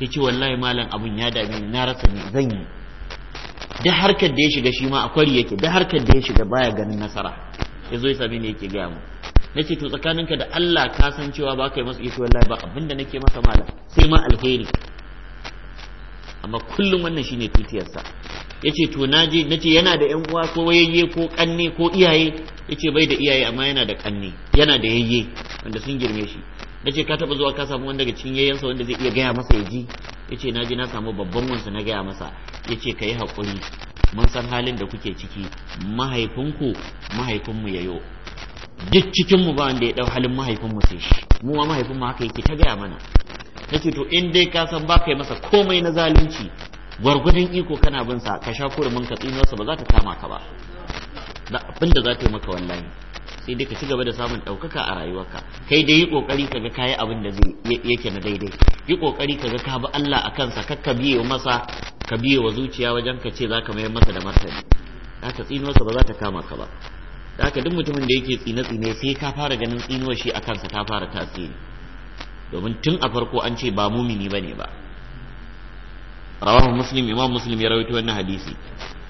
yace wallahi malam abun ya dame ni na rasa ni zan yi da harkar da ya shiga shi ma a kwari yake da harkar da ya shiga baya ganin nasara ya zo ya sami ni yake gaya mu na ce to tsakaninka da Allah ka san cewa ba ka yi masa ita wallahi ba abinda nake masa mala sai ma alheri amma kullum wannan shine tutiyarsa ya ce to na nace yana da yan uwa ko yayye ko kanne ko iyaye ya bai da iyaye amma yana da kanne yana da yayye wanda sun girme shi nace ka taba zuwa ka samu wanda daga cikin yayyansa wanda zai iya gaya masa ya ji ya na je na samu babban wansa na gaya masa yace ce ka yi haƙuri mun san halin da kuke ciki mahaifinku mahaifinmu ya yayo duk cikin mu ba wanda ya dau halin mahaifinmu sai shi mu ma mahaifinmu haka yake ta gaya mana nace to in dai ka san baka yi masa komai na zalunci gwargwadon iko kana bin sa ka sha katsi ka wasu ba za ta kama ka ba abinda za ta yi maka wallahi sai dai ka ci gaba da samun ɗaukaka a rayuwarka kai dai yi ƙoƙari ka ga kayi abin da yake na daidai yi ƙoƙari ka ga ka bi Allah a kansa kar ka biye masa ka biye wa zuciya wajen ka ce za ka mayar masa da martani tsino sa ba za ta kama ka ba haka duk mutumin da yake tsine-tsine sai ka fara ganin tsino shi a kansa ta fara tasiri domin tun a farko an ce ba mumini ba ne ba rawahu muslim imam muslim ya rawaito wannan hadisi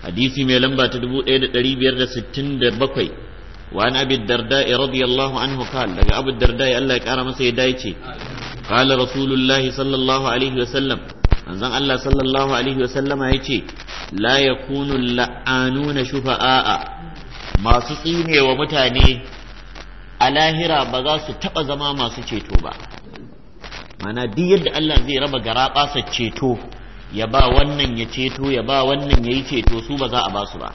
hadisi mai lamba ta 1567 وعن أبي الدرداء رضي الله عنه قال لك أبو الدرداء الله كرم سيدايتي قال رسول الله صلى الله عليه وسلم أنزل الله صلى الله عليه وسلم أيتي لا يكون اللعانون شفعاء ما سسيني ومتاني الاهرة بغاس تقزما ما سيتو با mana duk yadda Allah zai raba gara ƙasa ceto ya ba wannan ya ceto ya ba wannan ya yi ceto su ba za a ba su ba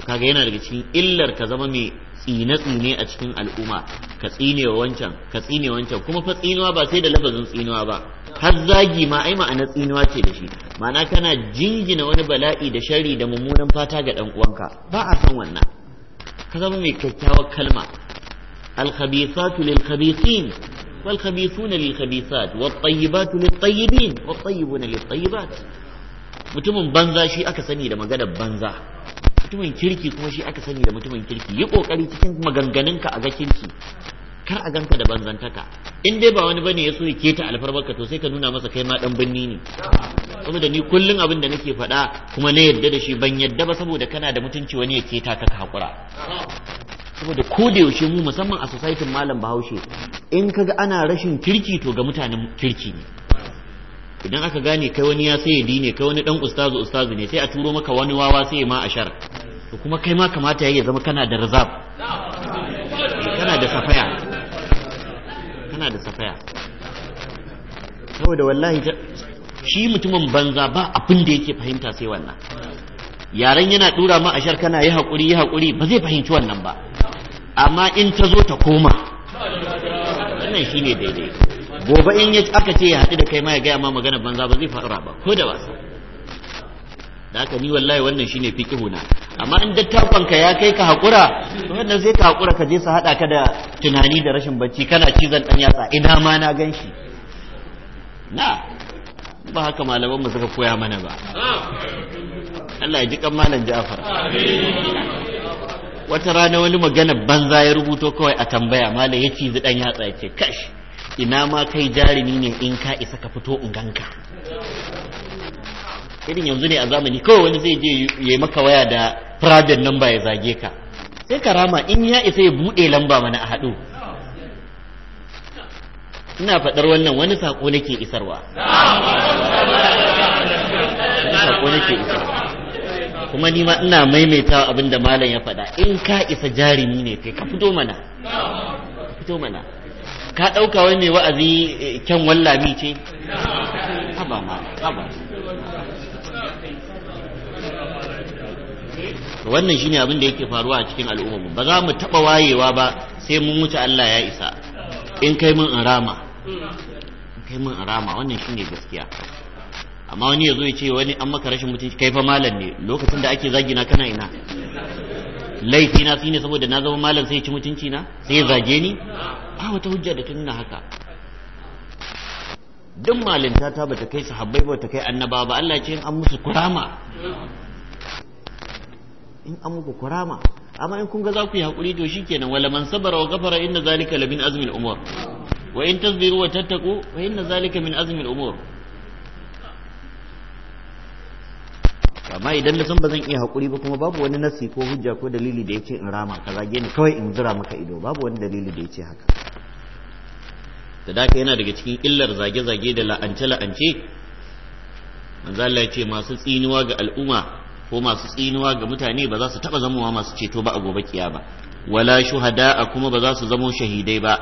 to kaga yana daga cikin illar ka zama mai tsine tsine a cikin al'umma ka tsine wa wancan ka tsine wancan kuma fa tsinuwa ba sai da lafazin tsinuwa ba har zagi ma ai ma'anar tsinuwa ce da shi ma'ana kana jingina wani bala'i da shari da mummunan fata ga dan uwanka ba a san wannan ka zama mai kyakkyawar kalma al-khabithatu lil-khabithin والخبيثون للخبيثات والطيبات للطيبين والطيبون للطيبات mutumin banza shi aka sani da maganar banza mutumin kirki kuma shi aka sani da mutumin kirki yi kokari cikin maganganun ka a ga kirki kar a ganka da banzantaka in dai ba wani bane ya so ya keta alfarbarka to sai ka nuna masa kai ma dan binni ne saboda ni kullun abin da nake faɗa kuma na yarda da shi ban yarda ba saboda kana da mutunci wani ya keta ka hakura saboda ko da yaushe mu musamman a society malam bahaushe in kaga ana rashin kirki to ga mutanen kirki ne idan aka gane kai wani ya sai ne kai wani dan ustazu ustazu ne sai a turo maka wani wawa sai ma ashar to kuma kai ma kamata ya zama kana da rizab kana da safaya kana da safaya saboda wallahi shi mutumin banza ba abin da yake fahimta sai wannan yaren yana dura ma ashar kana yi hakuri yi hakuri ba zai fahimci wannan ba amma in ta zo ta koma wannan shine daidai gobe in ya aka ce ya haɗu da kai ma ya gaya ma magana banza ba zai fara ba ko da wasa da haka ni wallahi wannan shine fiqihu na amma in dattakon ka ya kai ka hakura wannan sai ka hakura ka je su hada ka da tunani da rashin bacci kana cizon dan yatsa ina ma na ganshi na ba haka malaman mu suka koya mana ba Allah ya ji kan malam Ja'far wata rana wani magana banza ya rubuto kawai a tambaya malam ya cizi dan yatsa ya ce kash ina ma kai jarumi ne in ka isa ka fito in ganka irin yanzu ne a zamani kawai wani zai je ya maka waya da private number ya zage ka sai ka rama in ya isa ya bude lamba mana a haɗu ina faɗar wannan wani saƙo nake isarwa wani saƙo isarwa kuma ni ma ina maimaita abin da malam ya faɗa in ka isa jarumi ne kai ka fito mana fito mana ka ɗauka wai mai wa'azi eh, kyan wallami ce haba ma haba wannan shine abin da yake faruwa a cikin al'ummarmu ba za mu taɓa wayewa ba sai mun wuce Allah ya isa in kai mun in rama in kai mun in rama wannan shine gaskiya amma wani ya zo ya ce wani an maka rashin mutunci kai fa malam ne lokacin da ake zagina kana ina laifi na shine saboda na zama malam sai ya ci mutunci na sai ya zage ni ba wata hujja da ta haka duk malinta ta bata kai sahabbai ta kai annaba ba Allah ce in an musu kurama in an muku kurama amma in kun ga za ku yi hakuri to shikenan wala man sabara wa ghafara inna zalika la min azmi umur wa in tasbiru wa tattaqu wa inna zalika min azmil umur amma idan na san ba zan iya haƙuri ba kuma babu wani nasi ko hujja ko dalili da yake in rama ka zage ni kawai in zura maka ido babu wani dalili da yake haka da daka yana daga cikin illar zage-zage da la'ance-la'ance manzala ya ce masu tsiniwa ga al'umma ko masu tsiniwa ga mutane ba za su taɓa zamowa masu ceto ba a gobe kiyama wala shuhada kuma ba za su zama shahidai ba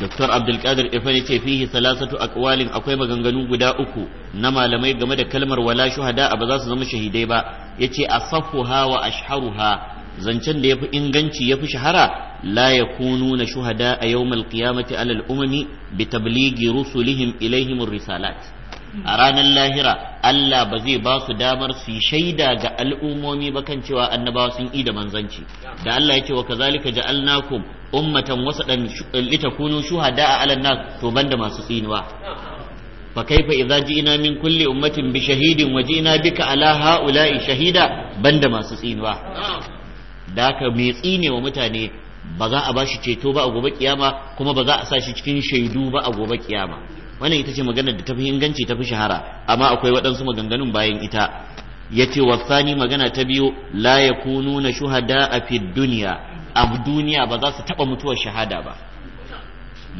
Dr. Abdulkadir Ifan yace fihi salasatu aqwalin akwai maganganu guda uku na malamai game da kalmar wala shuhada ba za su zama shahidai ba yace asafuha wa ashharuha zancen da ya fi inganci ya fi shahara la yakununa shuhada a yau qiyamati alal umami bi tabligi rusulihim ilaihim risalat a ranar lahira Allah ba zai ba su damar su yi shaida ga al'ummomi ba kan cewa annabawa sun yi da manzanci da Allah ya ce wa kazalika ja'alnakum ummatan eh, lita kunu shuhada ala nas to banda masu tsinuwa fa kaifa idza ji'na min kulli ummatin bi shahidin wa ji'na bika ala haula'i shahida banda masu tsinuwa da ka mai tsine wa mutane ba za a bashi ceto ba a gobe kiyama kuma ba za a sa shi cikin shaidu ba a gobe kiyama wannan ita ce maganar da tafi inganci tafi shahara amma akwai waɗansu maganganun bayan ita yace wasani magana ta biyu la nuna shuhada a fid duniya a duniya ba za su taba mutuwar shahada ba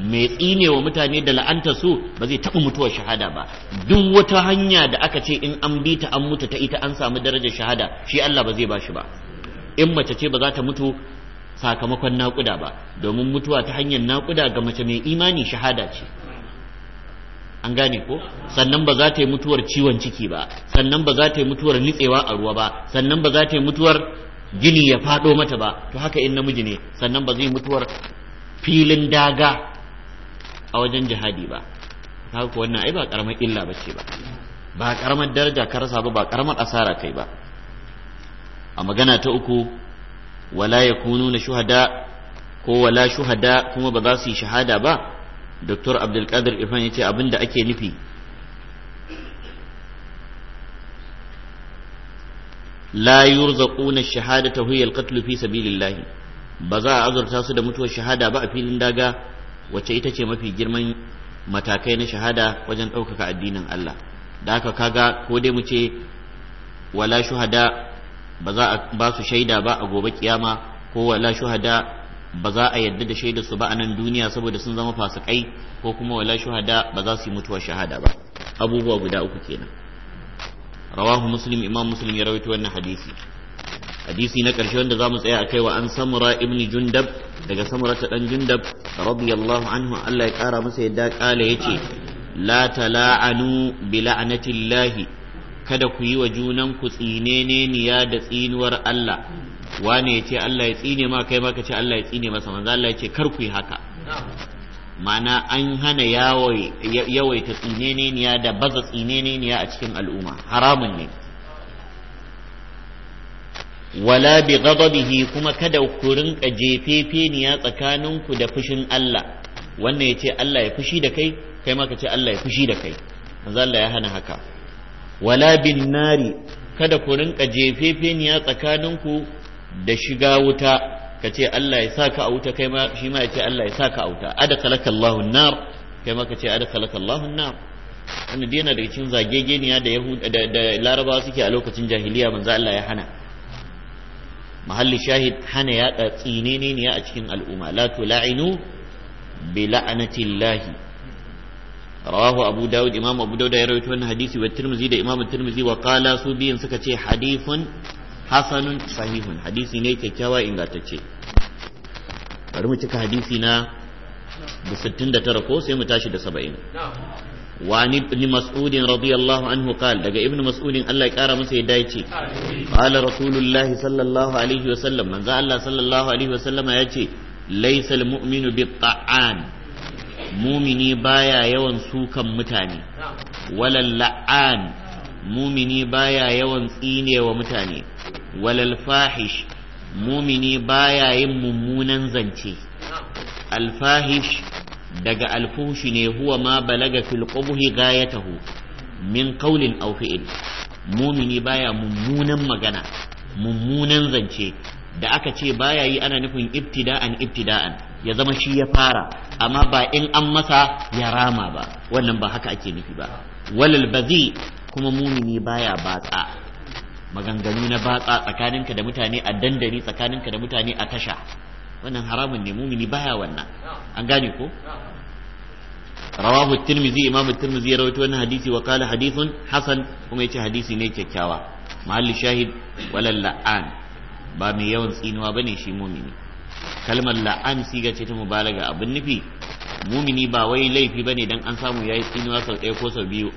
mai tsine wa mutane da la'anta su ba zai taɓa mutuwar shahada ba duk wata hanya da aka ce in an bi ta an mutu ta ita an samu darajar shahada shi Allah ba zai ba shi ba in mace ce ba za ta mutu sakamakon naƙuda ba domin mutuwa ta hanyar naƙuda ga mace mai imani shahada ce an gane ko sannan ba za ta yi mutuwar ciwon ciki ba sannan ba za ta yi mutuwar nitsewa a ruwa ba sannan ba za ta yi mutuwar gini ya faɗo mata ba to haka in namiji ne sannan ba zai mutuwar filin daga a wajen jihadi ba haka wannan ai ba karamar illa ba ce ba ba karamar daraja ka rasa ba ba karamar asara kai ba a magana ta uku wala yakunu na shuhada ko wala shuhada kuma ba za su yi shahada ba Dr. Abdulkadir Irfan ya ce abin da ake nufi la yurzaquna shahadata huwa al-qatl fi sabilillah ba za a azurta su da mutuwar shahada ba a filin daga wacce ita ce mafi girman matakai na shahada wajen ɗaukaka addinin Allah da haka kaga ko dai mu ce wala shuhada ba za a ba su shaida ba a gobe kiyama ko wala shuhada ba za a yadda da shaida su ba a nan duniya saboda sun zama fasikai ko kuma wala shuhada ba za su yi mutuwar shahada ba abubuwa guda uku kenan rawahu muslim imam muslim ya rawaito wannan hadisi hadisi na ƙarshe wanda zamu tsaya a wa an samura ibn jundab daga samura ta dan jundab radiyallahu anhu Allah ya kara masa yadda kala yace la tala'anu bi la'natillahi kada ku yi wa junan ku tsineneniya da tsinuwar Allah wane ya ce Allah ya tsine ma kai ka ce Allah ya tsine masa manzo Allah ya ce kar ku yi haka ma'ana an hana yawaita tsineneniya da baza tsineneniya a cikin al'umma haramun ne wala bi ghadabihi kuma kada ku rinka tsakanin tsakaninku da fushin Allah wannan ya ce Allah ya fushi da kai kai ka ce Allah ya fushi da kai manzo Allah ya hana haka wala bin nari kada ku rinka tsakanin tsakaninku da shiga wuta ka ce Allah ya saka a wuta kai ma shi ma ya ce Allah ya sa ka a wuta adakalaka Allahu nar kai ma ka ce adakalaka Allahu nar wannan dai yana daga cikin zagegeniya da Yahuda da Larabawa suke a lokacin jahiliya manzo Allah ya hana mahalli shahid hana ya yaɗa tsineniya a cikin al'umma la tula'inu bi la'anatillahi رواه أبو داود إمام أبو داود يروي عن حديث والترمذي ده إمام الترمذي وقال سوبي ce حديث hasanun sahihun hadisi ne kyakkyawa ingantacce bari mu cika hadisi na da sittin da tara ko sai mu tashi da saba'in wani ibn mas'ud radiyallahu anhu qal daga ibn mas'ud Allah ya kara masa yadda yace qala rasulullah sallallahu alaihi wa sallam manzo Allah sallallahu alaihi wa ya ce laysa almu'minu bit'an mumini baya yawan sukan mutane walal la'an mumini baya yawan tsinewa mutane walal fahish mumini baya yin mummunan zance alfahish daga alfushi ne huwa ma balaga fil qubhi gayatahu min qawlin aw fi'l mumini baya mummunan magana mummunan zance da aka ce baya yi ana nufin ibtida'an ibtida'an ya zama shi ya fara amma ba in an masa ya rama ba wannan ba haka ake nufi ba walal bazi kuma mumini baya batsa maganganu na batsa tsakaninka da mutane a dandani tsakaninka da mutane a tasha wannan haramun ne mumini baya wannan an gane ko rawahu tirmizi imam tirmizi ya rawaito wannan hadisi wa qala hadithun hasan kuma yace hadisi ne kyakkyawa mahalli shahid walal la'an ba mai yawan tsinuwa bane shi mumini kalmar la'an siga ce ta mubalaga abin nufi mumini ba wai laifi bane dan an samu yayi tsinuwa sau ɗaya ko sau biyu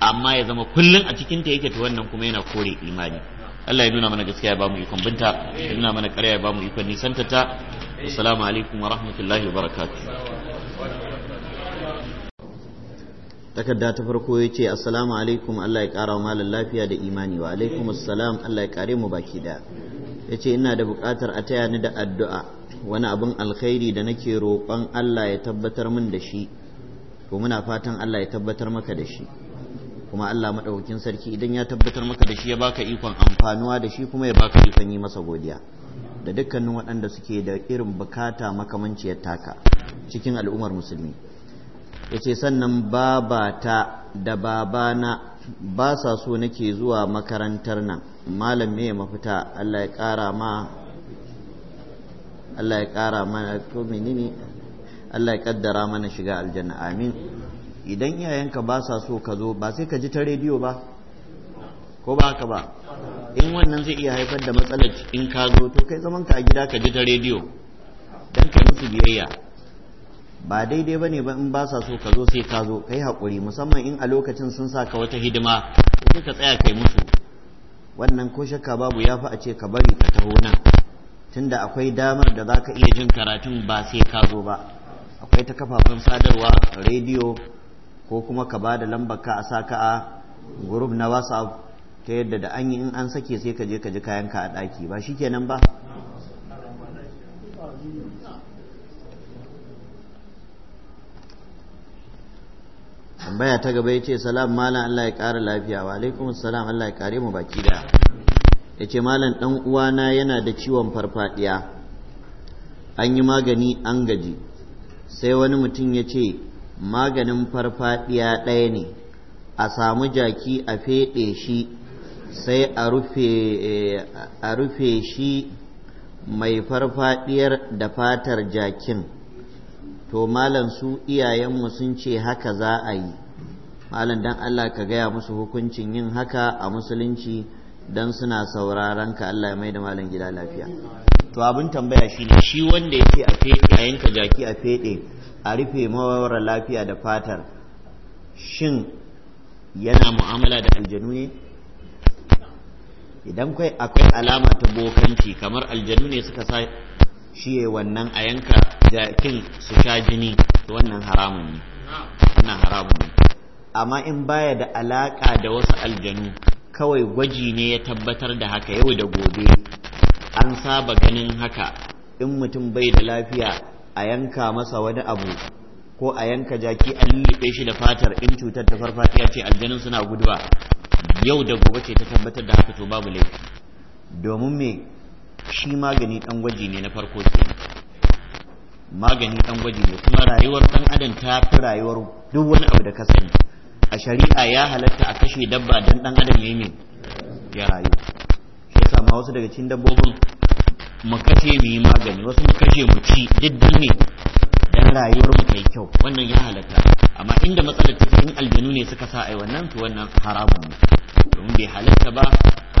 amma ya zama kullum a cikin ta yake to wannan kuma yana kore imani Allah ya nuna mana gaskiya ya bamu ikon binta ya nuna mana ƙarya ya bamu ikon nisanta ta assalamu alaikum wa rahmatullahi wa barakatu. takarda ta farko ya ce assalamu alaikum Allah ya ƙara wa malam lafiya da imani wa alaikum assalam Allah ya kare mu baki daya ya ce ina da buƙatar a taya ni da addu'a wani abin alkhairi da nake roƙon Allah ya tabbatar min da shi to muna fatan Allah ya tabbatar maka da shi kuma Allah madaukakin sarki idan ya tabbatar maka da shi ya baka ikon amfanuwa da shi kuma ya baka ikon yi masa godiya da dukkanin waɗanda suke da irin bukata makamanciyar taka cikin al'ummar musulmi yace sannan babata da babana ba sa so nake zuwa makarantar nan malam me mafita Allah ya ƙara ma Allah ya ƙara mana to menene Allah ya kaddara mana shiga aljanna amin idan iyayenka ba sa so ka zo ba sai ka ji ta rediyo ba ko ba haka ba in wannan zai iya haifar da matsalar in ka zo to kai zaman ka a gida ka ji ta rediyo don ka musu biyayya ba daidai ba ne ba in ba sa so ka zo sai ka zo ka yi haƙuri musamman in a lokacin sun sa ka wata hidima sai ka tsaya kai musu wannan ko shakka babu ya fi a ce ka bari ka taho nan tunda akwai damar da za ka iya jin karatun ba sai ka zo ba akwai ta kafafen sadarwa rediyo ko kuma ka ba da lambar ka a sa ka a group na whatsapp ta yadda da an yi in an sake sai ka je ka ji kayan ka a ɗaki ba shi kenan ba tambaya ta gaba ya ce salam malam Allah ya kara lafiya wa alaikum salam Allah ya kare mu baki da ya ce malam ɗan uwana yana da ciwon farfadiya an yi magani an gaji sai wani mutum ya ce maganin farfaɗiya ɗaya ne a samu jaki a feɗe shi sai a rufe eh, shi mai farfaɗiyar da fatar jakin to malam su iyayenmu sun ce haka za a yi malam don Allah ka gaya musu hukuncin yin haka a musulunci don suna sauraron ka Allah ya mai da malam gida lafiya to abin tambaya shi ne, shi wanda ya ce a yanka jaki a feɗe a rufe mawara lafiya da fatar shin yana mu'amala da aljanu ne idan akwai alama ta bokanci kamar aljanu ne suka sa shi wannan a yanka jakin su sha jini wannan haramun ne wannan haramun ne amma in baya da alaka da wasu aljanu kawai gwaji ne ya tabbatar da haka yau da gobe an saba ganin haka in mutum bai da lafiya a yanka masa wani abu ko a yanka jaki an liɓe shi da fatar in cutar ta farfaɗiya ce aljanin suna guduwa yau da gobe ce ta tabbatar da haka to babu laifi domin me shi magani ɗan gwaji ne na farko ce magani ɗan gwaji ne kuma rayuwar ɗan adam ta fi rayuwar duk wani abu da ka sani a shari'a ya halatta a kashe dabba don ɗan adam ya yi ya rayu shi wasu daga cikin dabbobin mu kashe mu yi magani wasu mu kashe mu ci diddan ne dan rayuwar mu kai kyau wannan ya halatta amma inda matsalar ta in aljanu ne suka sa ai wannan to wannan haramun ne domin bai halatta ba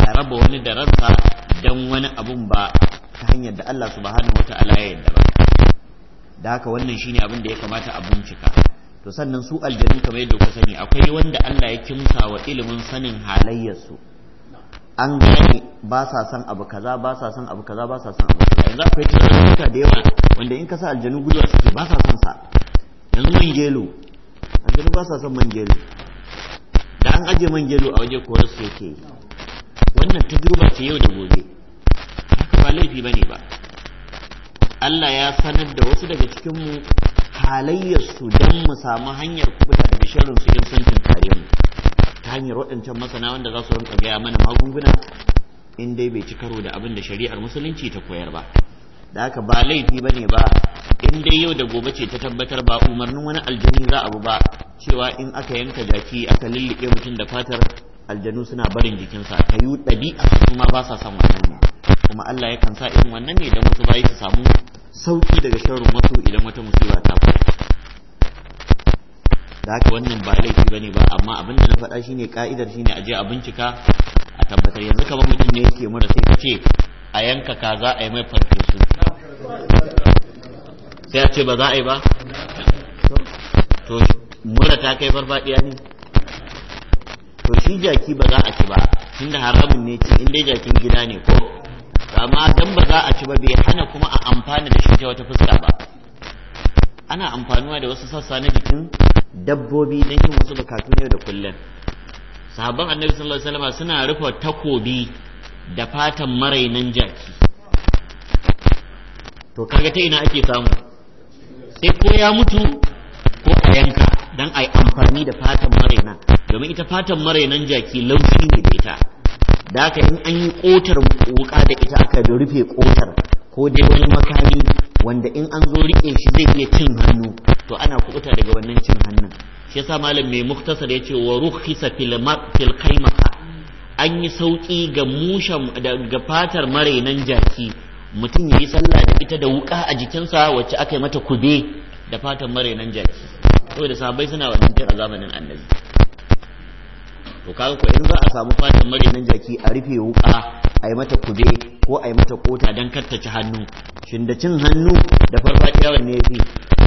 a raba wani da ransa dan wani abun ba ta hanyar da Allah subhanahu wataala ya yarda ba da haka wannan shine abin da ya kamata a bincika to sannan su aljanu kamar yadda kuka sani akwai wanda Allah ya kimsa wa ilimin sanin halayyarsu an gani ba sa son abu kaza ba sa son abu kaza ba sa son abu kaza yanzu akwai tarurruka da yawa wanda in ka sa aljanu gudu suke ba sa son sa yanzu man gelo aljanu ba sa son man gelo da an aje man gelo a waje koyar su yake wannan tajruba ce yau da gobe haka ba laifi ba ne ba Allah ya sanar da wasu daga cikinmu halayyarsu don mu samu hanyar kubuta daga sharrin su in sun tunkare mu ta hanyar waɗancan masana wanda za su rinka gaya mana magunguna in dai bai ci karo da abin da shari'ar musulunci ta koyar ba da aka ba laifi ba ne ba in dai yau da gobe ce ta tabbatar ba umarnin wani aljanu za abu ba cewa in aka yanka jaki aka lullube mutum da fatar aljanu suna barin jikinsa ta yi ɗabi'a su ma ba sa son wannan kuma Allah yakan sa irin wannan ne don wasu bayi su samu sauki daga sharrin wasu idan wata musiba ta faru da haka wannan ba laifi bane ba amma abin da na faɗa shine ka'idar shine a je a bincika a tabbatar yanzu kamar mutum ne yake mura sai ka ce a yanka kaza a yi mai su sai a ce ba za a yi ba to mura ta kai farfadiya ne to shi jaki ba za a ci ba tunda haramun ne ci in dai jakin gida ne ko amma dan ba za a ci ba bai hana kuma a amfana da shi ta wata fuska ba ana amfanuwa da wasu sassa na jikin dabbobi don yin wasu bukatu yau da kullum sahabban annabi sallallahu alaihi wasallam suna rufe takobi da fatan marainan jaki to kaga ta ina ake samu sai ko ya mutu ko a yanka dan ai amfani da fatan marainan domin ita fatan marainan jaki laushi ne da ita da haka in an yi kotar wuka da ita aka rufe kotar ko dai wani makami wanda in an zo rike shi zai iya cin hannu to ana kubuta daga wannan cin hannun shi yasa malam mai muktasar ya ce wa rukhisa fil fil qaimata an yi sauki ga mushan ga fatar marainan jaki mutum yayi sallah da ita da wuka a jikinsa wacce aka yi mata kube da fatan marainan jaki saboda sahabbai suna wannan a zamanin annabi to kaga ko in za a samu fatan marainan jaki a rufe wuka a yi mata kube ko a yi mata kota don ci hannu shin da cin hannu da farfajiyar ne ya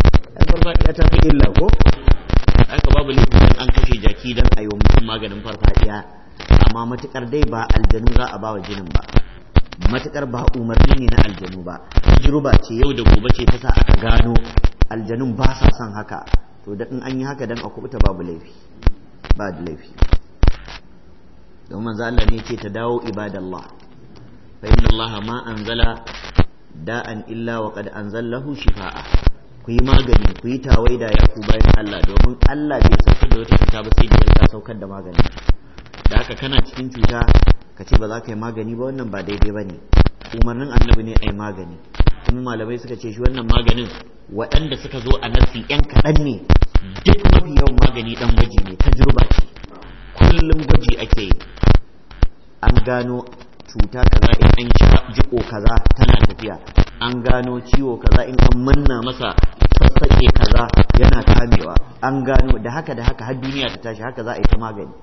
ai farfadiya ta fi illa ko haka babu laifin an kashe jaki don a yi mutum maganin farfadiya amma matukar dai ba aljanu za a bawa jinin ba matukar ba umarni ne na aljanu ba ba ce yau da gobe ce ta sa aka gano aljanun ba sa son haka to da in an yi haka dan a kubuta babu laifi ba da laifi Domin Allah ne ce ta dawo ibadallah fa inna Allah ma anzala da'an illa wa qad anzalahu shifa'a ku yi magani ku yi da ya ku bayan Allah domin Allah bai saukar da wata cuta ba sai da ya saukar da magani da haka kana cikin cuta ka ce ba za ka yi magani ba wannan ba daidai ba ne umarnin annabi ne a yi magani kuma malamai suka ce shi wannan maganin waɗanda suka zo a nasi yan kaɗan ne duk mafi yawan magani ɗan gwaji ne jirba ce kullum gwaji ake yi an gano cuta kaza in an sha jiko kaza tana tafiya an gano ciwo kaza in an manna masa sassaƙe kaza yana kamewa an gano da haka da haka har duniya ta tashi haka za a yi ta magani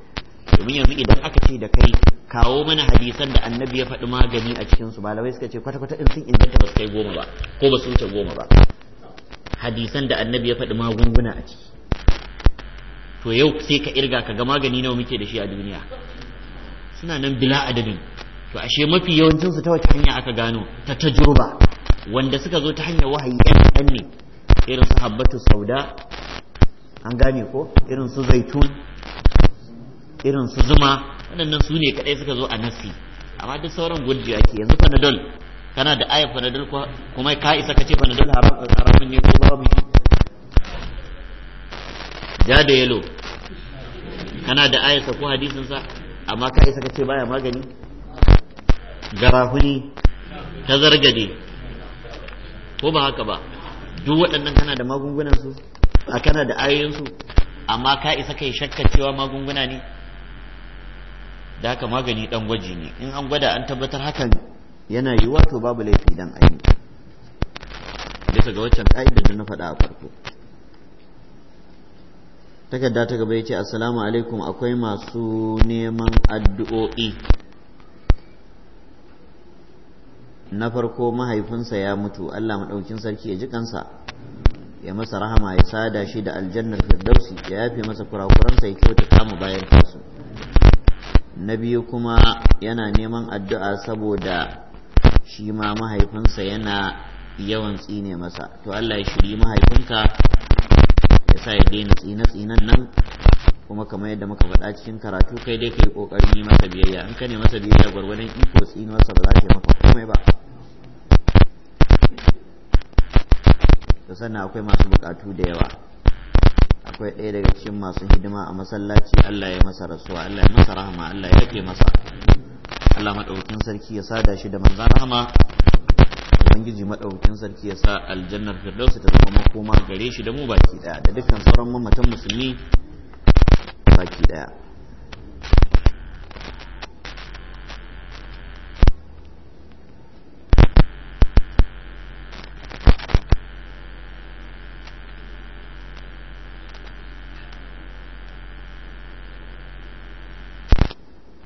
domin yanzu idan aka ce da kai kawo mana hadisan da annabi ya faɗi magani a cikin su malamai suka ce kwata-kwata in sun inganta ba kai goma ba ko ba su wuce goma ba hadisan da annabi ya faɗi magunguna a ciki to yau sai ka irga ka ga magani nawa muke da shi a duniya suna nan bila adadin to ashe mafi yawancin su ta wace hanya aka gano ta tajruba wanda suka zo ta hanyar wahayi yan kaɗan ne irin su habbatu sauda an gane ko irin su zaitun irin su zuma waɗannan su ne kaɗai suka zo a nasi amma duk sauran gurji ake yanzu panadol kana da ayar panadol kuma ka isa ka ce panadol haramun ne ko babu ja da yalo kana da ayarsa ko hadisinsa amma ka isa ka ce baya magani garahuni ta zargade ko ba haka ba duk waɗannan kana da magungunan su a kana da ayoyin su amma ka isa kai shakka cewa magunguna ne da haka magani dan gwaji ne in an gwada an tabbatar hakan yana yiwuwa to babu laifi dan ayi bisa ga waccan ka'idar da na faɗa a farko takarda ta gaba ya ce assalamu alaikum akwai masu neman addu'o'i na farko mahaifinsa ya mutu Allah maɗaukin sarki ya ji kansa ya masa rahama ya sada shi da aljannar firdausi ya yafe masa kurakuransa ya kyautata kama bayan tasu na biyu kuma yana neman addu'a saboda shi ma mahaifinsa yana yawan tsine masa to Allah ya shiri mahaifinka ya sa ya daina tsine-tsinen nan kuma kamar yadda muka faɗa cikin karatu kai dai kai kokarin yi masa biyayya in ka ne masa biyayya gwargwadon iko tsini masa ba za ta maka komai ba to sannan akwai masu bukatu da yawa akwai ɗaya daga cikin masu hidima a masallaci Allah ya masa rasuwa Allah ya masa rahama Allah ya yafe masa Allah madaukakin sarki ya sada shi da manzan rahama ubangiji madaukakin sarki ya sa aljannar firdausa ta zama makoma gare shi da mu baki daya da dukkan sauran mamatan musulmi baki daya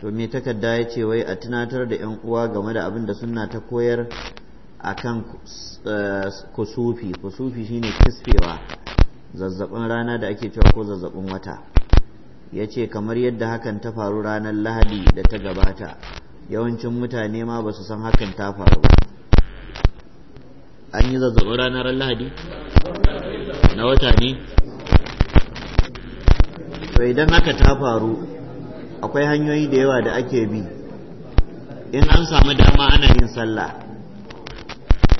to me takarda ya ce wai a tunatar da yan uwa game da abin da suna ta koyar a kan eh, kusufi kusufi shine kisfewa zazzabin rana da ake cewa ko zazzabin wata ya ce kamar yadda hakan ta faru ranar lahadi da ta gabata yawancin mutane ma ba su san hakan ta faru ba an yi zazzaɓi ranar lahadi na wata ne to idan haka ta faru akwai hanyoyi da yawa da ake bi in an samu dama ana yin sallah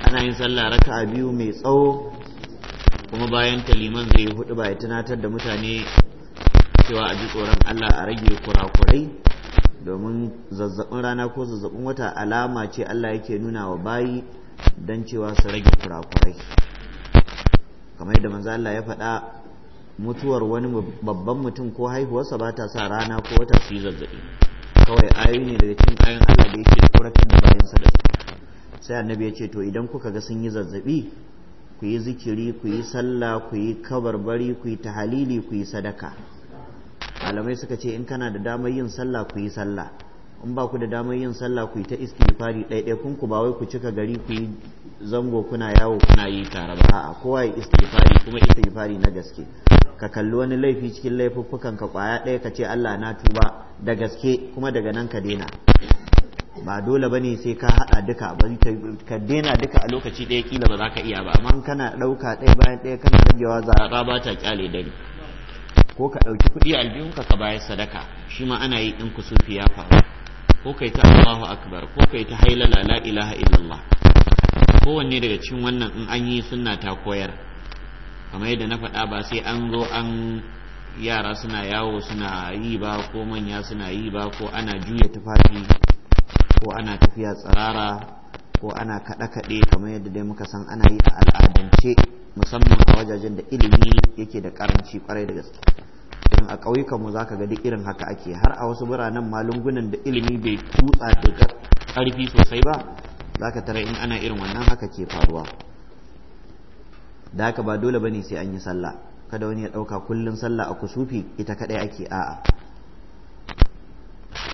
ana yin sallah raka biyu mai tsawo kuma bayan taliman zai hudu ba ya tunatar da mutane cewa a ji tsoron Allah a rage kurakurai domin zazzabin rana ko zazzabin wata alama ce Allah yake nuna wa bayi don cewa su rage kurakurai kamar yadda manzo Allah ya faɗa mutuwar wani babban mutum ko haihuwarsa ba ta sa rana ko wata su yi zazzabi kawai ayoyi ne daga cikin ayoyin Allah da yake tsoratar da bayansa da su sai annabi ya ce to idan kuka ga sun yi zazzabi ku yi zikiri ku yi sallah ku yi kabarbari ku yi tahalili ku yi sadaka malamai suka ce in kana da damar yin sallah ku yi sallah in ba ku da damar yin sallah ku yi ta istighfari ɗaiɗai kun ku ba wai ku cika gari ku yi zango kuna yawo kuna yi tare ba a'a kowa da istighfari kuma istighfari na gaske ka kalli wani laifi cikin laifuffukan ka kwaya ɗaya ka ce Allah na tuba da gaske kuma daga nan ka daina ba dole bane sai ka haɗa duka ba ka daina duka a lokaci ɗaya kila ba za ka iya ba amma kana ɗauka ɗaya bayan ɗaya kana ragewa za ba ta kyale dare ko ka ɗauki kuɗi aljihunka ka bayar sadaka shi ma ana yi in kusufi ya faru ko kai ta Allahu akbar ko kai ta hailala la ilaha illallah kowanne daga cikin wannan in an yi sunna ta koyar kamar yadda na faɗa ba sai an zo an yara suna yawo suna yi ba ko manya suna yi ba ko ana juya tufafi ko ana tafiya tsirara ko ana kaɗe-kaɗe kamar yadda dai muka san ana yi a al'adance musamman a wajajen da ilimi yake da karanci kwarai da gaske irin a ƙauyukanmu za ka ga duk irin haka ake har a wasu biranen malungunan da ilimi bai kutsa da ƙarfi sosai ba za ka tara in ana irin wannan haka ke faruwa da haka ba dole ba ne, sai an yi sallah kada wani ya ɗauka kullum sallah a kusufi ita kaɗai ake a'a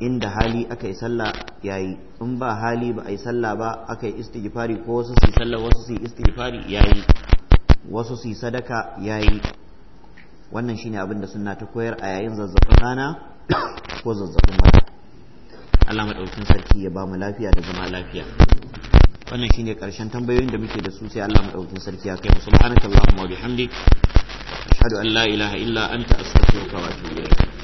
inda hali aka yi sallah yayi in ba hali ba a yi sallah ba aka yi istighfari ko wasu su yi sallah wasu su yi istighfari yayi wasu su yi sadaka yayi wannan shine abin da sunna ta koyar a yayin zazzabin rana ko zazzabin wata. Allah madaukin sarki ya ba mu lafiya da zama lafiya wannan shine karshen tambayoyin da muke da su sai Allah madaukin sarki ya kai mu Allahumma wa bihamdik ashhadu an la ilaha illa anta astaghfiruka wa atubu ilayk